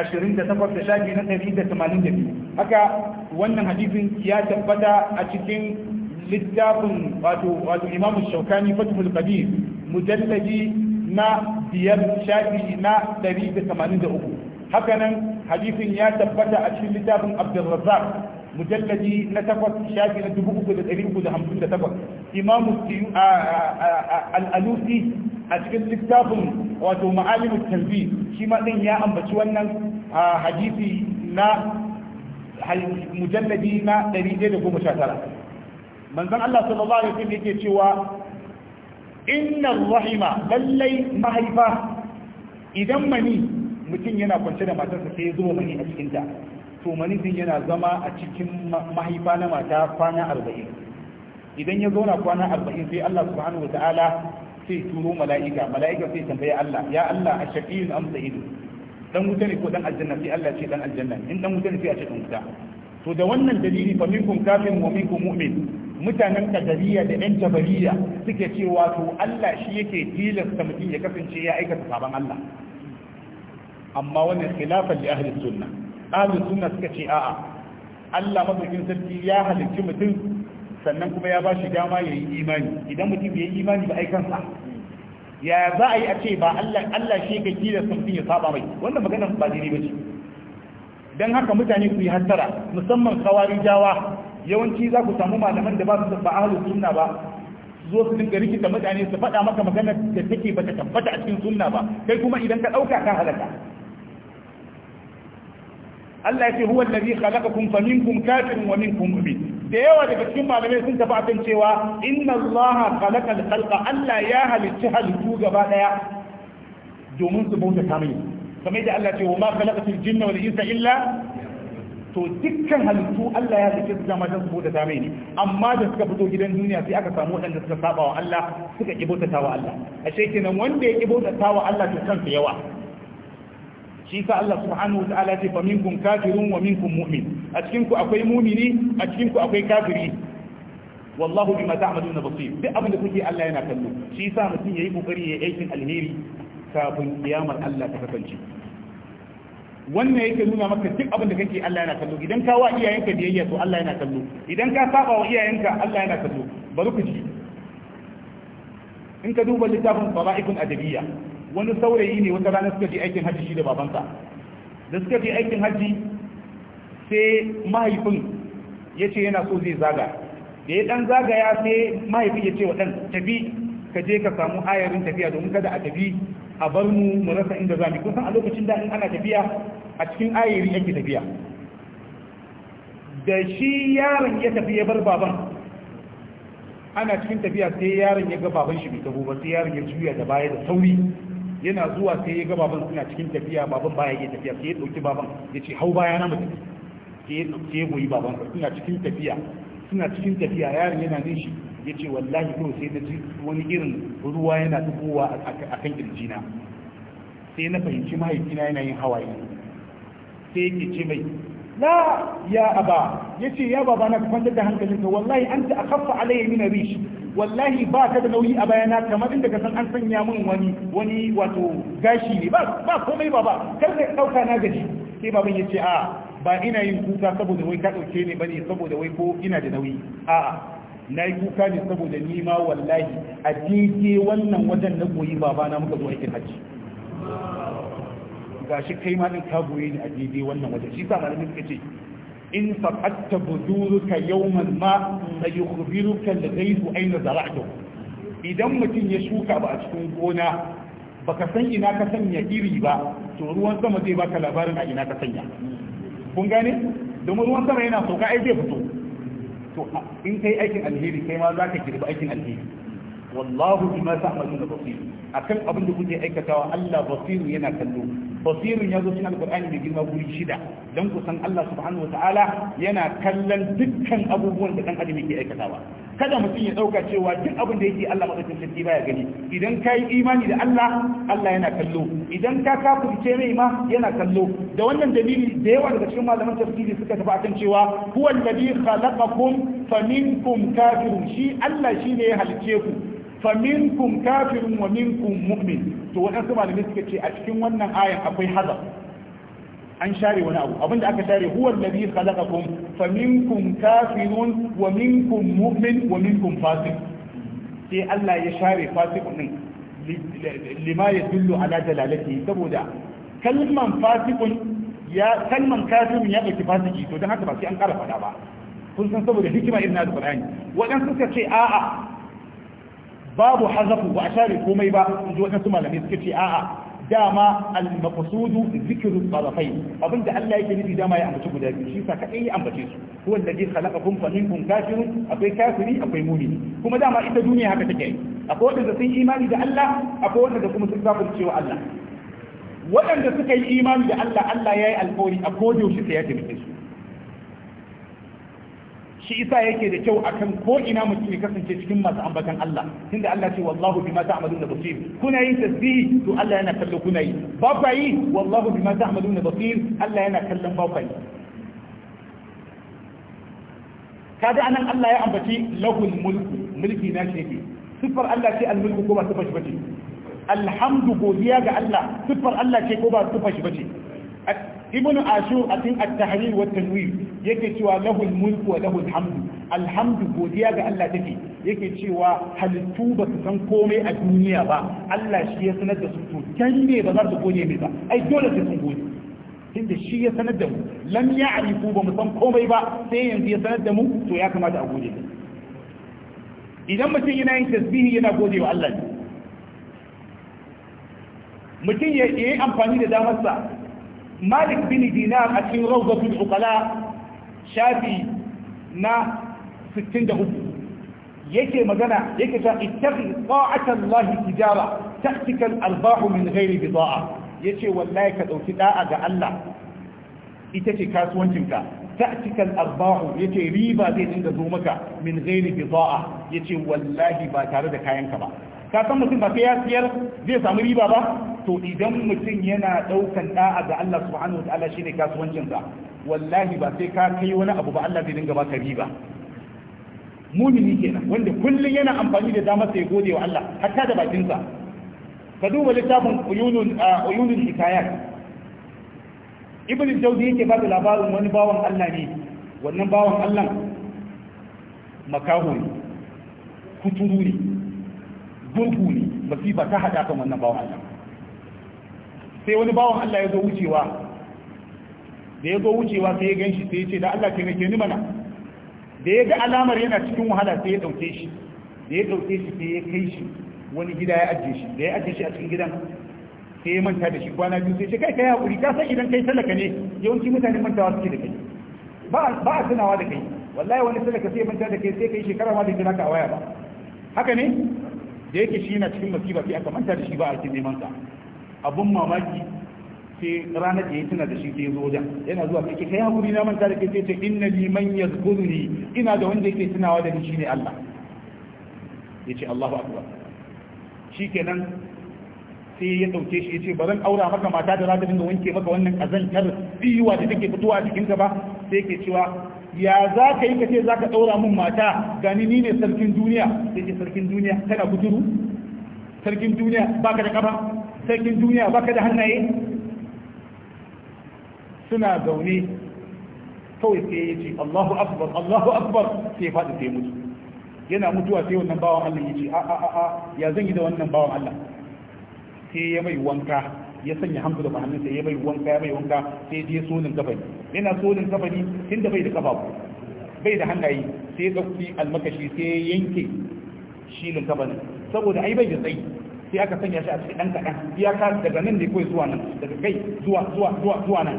ashirin da takwas da shafi na ɗari da tamanin da biyu haka wannan hadisin ya tabbata a cikin littafin wato wato imamu shaukani fatihul kabir mujallaji na biyar shafi na ɗari da tamanin da uku hakanan hadisin ya tabbata a cikin littafin abdulrazzaq mujalladi na takwas shafi na dubu uku da ɗari uku da hamsin da takwas imamu al'alusi a cikin littafin wato ma'alimin talbi shi ma din ya ambaci wannan hadisi na mujalladi na 119 manzon Allah sallallahu alaihi wasallam yake cewa inna rahima lallai mahaifa idan mani mutum yana kwance da matarsa sai ya zuba mani a cikinta to mani din yana zama a cikin mahaifa na mata kwana arba'in idan ya zauna kwana arba'in sai Allah subhanahu wa ta'ala sai turo mala'ika mala'ika sai tambaya Allah ya Allah a ashaqiyun am sa'id dan wuta ne ko dan aljanna sai Allah ce dan aljanna in dan wuta ne sai a ce dan wuta to da wannan dalili fa minkum kafirun wa minkum mu'min mutanen kadariya da yan jabariya suke cewa to Allah shi yake tilasta mutum ya kasance ya aikata saban Allah amma wannan khilafan li ahli sunna ahli sunna suka ce a'a Allah madaukin sarki ya halicci mutum sannan kuma ya ba shi dama ya yi imani idan mutum ya yi imani ba aikansa ya za a yi a ce ba Allah shi ka kira sun ya saba mai wannan magana ba daidai ba ce don haka mutane su yi hattara musamman kawari jawa yawanci za ku samu malaman da ba su ba ahlus sunna ba zo su dinga rikita mutane su faɗa maka maganar da take ba ta tabbata a cikin sunna ba kai kuma idan ka ɗauka ka halaka Allah ya ce huwa allazi khalaqakum faminkum kafirun wa minkum mu'min da yawa daga cikin malamai sun tafi akan cewa inna Allah khalaqal khalqa Allah ya halicci halittu gaba daya domin su bauta ta mai kamar yadda Allah ce wa ma khalaqatul jinna wal insa illa to dukkan halittu Allah ya halicce su dama don su bauta ta mai ne amma da suka fito gidan duniya sai aka samu waɗanda suka saba wa Allah suka ki bautata wa Allah ashe kenan wanda ya ki bautata wa Allah to kansa yawa shi sa Allah subhanahu wa ta'ala ce fa minkum kafirun wa minkum mu'min a cikin ku akwai mu'mini a cikin ku akwai kafiri wallahu bima ta'maluna basir duk abin da kuke Allah yana kallo shi sa mutum yayi kokari yayi aikin alheri kafin kiyamar Allah ta kasance wannan yake nuna maka duk abin da kake Allah yana kallo idan ka wa iyayenka biyayya to Allah yana kallo idan ka saba wa iyayenka Allah yana kallo bari ku ji in ka duba littafin fara'iqun adabiyya wani saurayi ne wata rana suka je aikin hajji shi da babansa da suka je aikin hajji sai mahaifin ya ce yana so zai zaga da ya dan zagaya sai mahaifin ya ce wa dan tafi ka je ka samu ayarin tafiya domin kada a tafi a bar mu mu rasa inda za mu kun san a lokacin da in ana tafiya a cikin ayari yake tafiya da shi yaron ya tafi ya bar baban ana cikin tafiya sai yaron ya ga baban shi bai taho ba sai yaron ya juya da baya da sauri yana zuwa sai ya ga baban suna cikin tafiya baban baya iya tafiya sai ya dauki baban ya ce hau baya na mutum sai ya ya goyi baban suna cikin tafiya suna cikin tafiya yaron yana jin shi ya ce wallahi kawai sai na ji wani irin ruwa yana dubowa a kan kirjina sai na fahimci mahaifina yana yin hawaye sai yake ce mai la ya aba ya ce ya baba na kwantar da hankalinka wallahi an ta a kafa alayya min rishi wallahi ba ka da nauyi a bayana kamar inda ka san an sanya min wani wani wato gashi ne ba ba komai ba ba kar ka dauka na gaji sai baban ya ce a ba ina yin kuka saboda wai ka dauke ni bane saboda wai ko ina da nauyi a'a na yi kuka ne saboda ni ma wallahi a daidai wannan wajen na goyi babana muka zo aikin hajji gashi kai ma din ka goye ni a daidai wannan wajen shi sa malamin suka ce in sabatta buzuruka yawman ma la yukhbiruka al-ghaythu ayna zara'tu idan mutum ya shuka ba a cikin gona baka san ina ka sanya iri ba to ruwan sama zai baka labarin a ina ka sanya kun gane domin ruwan sama yana sauka ai zai fito to in kai aikin alheri kai ma zaka girba aikin alheri wallahu bima ta'maluna basir akan abin da kuke aikatawa Allah basiru yana kallo basirin ya zo cin alkur'ani mai girma guri shida don ku san Allah subhanahu ta'ala yana kallon dukkan abubuwan da dan adam yake aikatawa kada mutum ya ɗauka cewa duk abin da yake Allah madaukakin sarki baya gani idan ka yi imani da Allah Allah yana kallo idan ka kafirce mai ma yana kallo da wannan dalili da yawa daga cikin malaman tafsiri suka tafi akan cewa huwa alladhi khalaqakum faminkum kafirun shi Allah shine ya halice ku faminkum kafirun wa minkum mu'min to waɗansu malamai suka ce a cikin wannan ayan akwai hazar an share wani abu abinda aka share huwa alladhi khalaqakum faminkum kafirun wa minkum mu'min wa minkum fasiq sai Allah ya share fasiq din lima yadullu ala jalalatihi saboda kalman fasiqun ya kalman kafirun ya dauki fasiki to dan haka ba sai an ƙara fada ba kun san saboda hikima irin na Qur'ani waɗansu suka ce a'a babu hazafu ba a share komai ba su ji waɗansu malamai suka ce a'a dama al-maqsudu zikru tarafai abinda Allah yake nufi dama ya ambaci guda biyu shi sa kadai ya ambace su huwa alladhi khalaqakum fa minkum kafirun akwai kafiri akwai mu'min kuma dama ita duniya haka take akwai wanda sun imani da Allah akwai wanda kuma sun kafirce cewa Allah waɗanda suka yi imani da Allah Allah ya yi alƙawari a koda yaushe sai ya taimake su shi isa yake da kyau akan ko ina mutum ya kasance cikin masu ambatan Allah tunda Allah ce wallahu bima ta'maluna basir kuna yin tasbihi to Allah yana kallon kuna yi ba ku yi wallahu bima ta'maluna basir Allah yana kallon ba ku yi kaga anan Allah ya ambaci lahul mulku mulki na shi yake sifar Allah ce al-mulku ko ba sifar shi bace alhamdu godiya ga Allah sifar Allah ce ko ba sifar shi bace ibnu ashu a cikin at-tahrir wa tanwir yake cewa lahul mulku wa lahul hamdu alhamdu godiya ga Allah take yake cewa halittu ba su san komai a duniya ba Allah shi ya sanar da su to dan ne ba za su gode mai ba ai dole sai sun gode da shi ya sanar da mu lam ya'rifu ba mu san komai ba sai yanzu ya sanar da mu to ya kamata a gode idan mutum yana yin tasbihi yana gode wa Allah mutum ya yi amfani da damarsa malik bin dinar a cikin rawdatul uqala shafi na 63 yake magana yake ta ittaqi ta'atan Allah tijara ta'tika al-arbahu min ghairi bida'a yace wallahi ka ɗauki ɗa'a ga Allah ita ce kasuwancinka ta'tika al-arbahu yace riba zai dinga zo maka min ghairi bida'a yace wallahi ba tare da kayanka ba ka san mutum ba sai ya siyar zai samu riba ba to idan mutum yana ɗaukan ɗa'a ga Allah subhanahu wa ta'ala shine kasuwancin sa wallahi ba sai ka kai wani abu ba Allah zai dinga baka riba mumini kenan wanda kullum yana amfani da damar sai gode wa Allah hatta da bakin sa ka duba littafin uyunun uyunun hikayat ibn jawzi yake ba da labarin wani bawan Allah ne wannan bawan Allah makaho ne kuturu ne gurgu ne masifa ta hada kan wannan bawan Allah sai wani bawan Allah ya zo wucewa da ya zo wucewa sai ya ganshi sai ya ce da Allah ke ke ni mana da ya ga alamar yana cikin wahala sai ya dauke shi da ya dauke shi sai ya kai shi wani gida ya ajiye shi da ya ajiye shi a cikin gidan sai ya manta da shi kwana biyu sai ce kai kai hakuri ka san idan kai talaka ne yawanci mutane mantawa suke da kai ba a tunawa da kai wallahi wani talaka sai ya manta da kai sai kai shekara ma da jira ka a waya ba haka ne da yake shi yana cikin masifa sai aka manta da shi ba a cikin neman sa abun mamaki sai ranar da ya tuna da shi sai zo da yana zuwa kai kai hakuri na manta da kai ce inna bi man yazkuruni ina da wanda yake tunawa da ni shine Allah yace Allahu akbar shikenan sai ya dauke shi yace ba zan aura maka mata da zaka dinga wanke maka wannan kazantar biwa da take fitowa a ka ba sai yake cewa ya za ka yi ka ce za ka daura mun mata gani ni ne sarkin duniya sai ce sarkin duniya kana kuturu sarkin duniya baka da kafa sarkin duniya baka da hannaye suna zaune kawai sai ya ce Allahu akbar Allahu akbar sai ya faɗi sai ya mutu yana mutuwa sai wannan bawan Allah ya ce a a a ya zan yi da wannan bawan Allah sai ya mai wanka ya sanya hanku da sai ya mai wanka ya mai wanka sai je sonin kafani yana sonin kafani tunda bai da kafafu bai da hannaye sai ya dauki almakashi sai ya yanke shilin kafanin saboda ai bai da tsayi sai aka sanya shi a cikin ɗan kaɗan iyaka daga nan ne kawai zuwa nan daga kai zuwa zuwa zuwa zuwa nan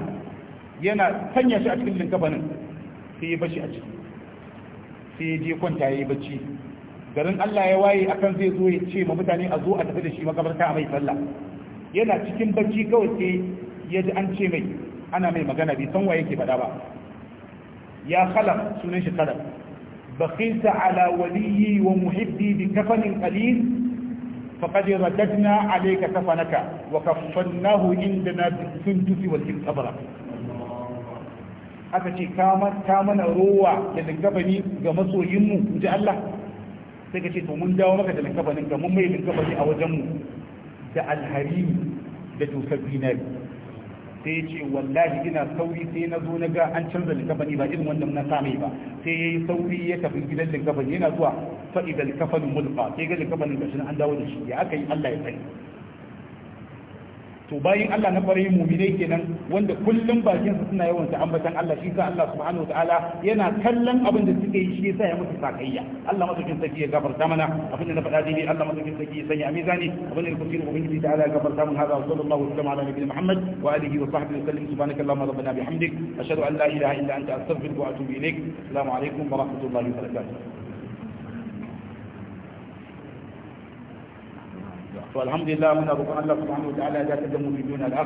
yana sanya shi a cikin linkafanin sai ya bashi a ciki sai ya je kwanta ya yi bacci garin Allah ya waye akan zai zo ya ce ma mutane a zo a tafi da shi makabarta a mai sallah yana cikin bacci kawai sai ya ji an ce mai ana mai magana bai san wa yake faɗa ba ya khalaf sunan shi khalaf بقيت على ولي ومحبي بكفن قليل فقد رددنا عليك كفنك وكفناه عندنا بالسندس والكبرى aka ce ka mana rowa da linkafani ga masoyinmu ji Allah sai ka ce to mun dawo maka da linkafanin ga mun mai linkafani a wajenmu da alharimi da dusar dinari sai ya ce wallahi ina sauri sai na zo na ga an canza likafani ba irin wannan na same ba sai ya yi sauri ya tafi gidan likafani yana zuwa faɗi da likafanin mulka sai ga likafanin gashin an dawo da shi ya aka yi Allah ya sani to bayin Allah na kwarai muminai kenan wanda kullum bakin su suna yawan ambatan Allah shi sa Allah subhanahu ta'ala yana kallon abin da suke yi shi yasa ya musu sakayya Allah madaukin sarki ya gafarta mana abin da na faɗa dai Allah madaukin sarki ya sanya amizani abin da na kusuru ubangiji ta Allah ya gafarta mun hada sallallahu alaihi wa sallam ala nabiyina Muhammad wa alihi wa sahbihi wa sallam subhanaka allahumma rabbana bihamdik ashhadu an la ilaha illa anta astaghfiruka wa atubu ilaik assalamu alaikum wa rahmatullahi wa barakatuh to alhamdulillah muna roƙon Allah subhanahu wa ta'ala ya dace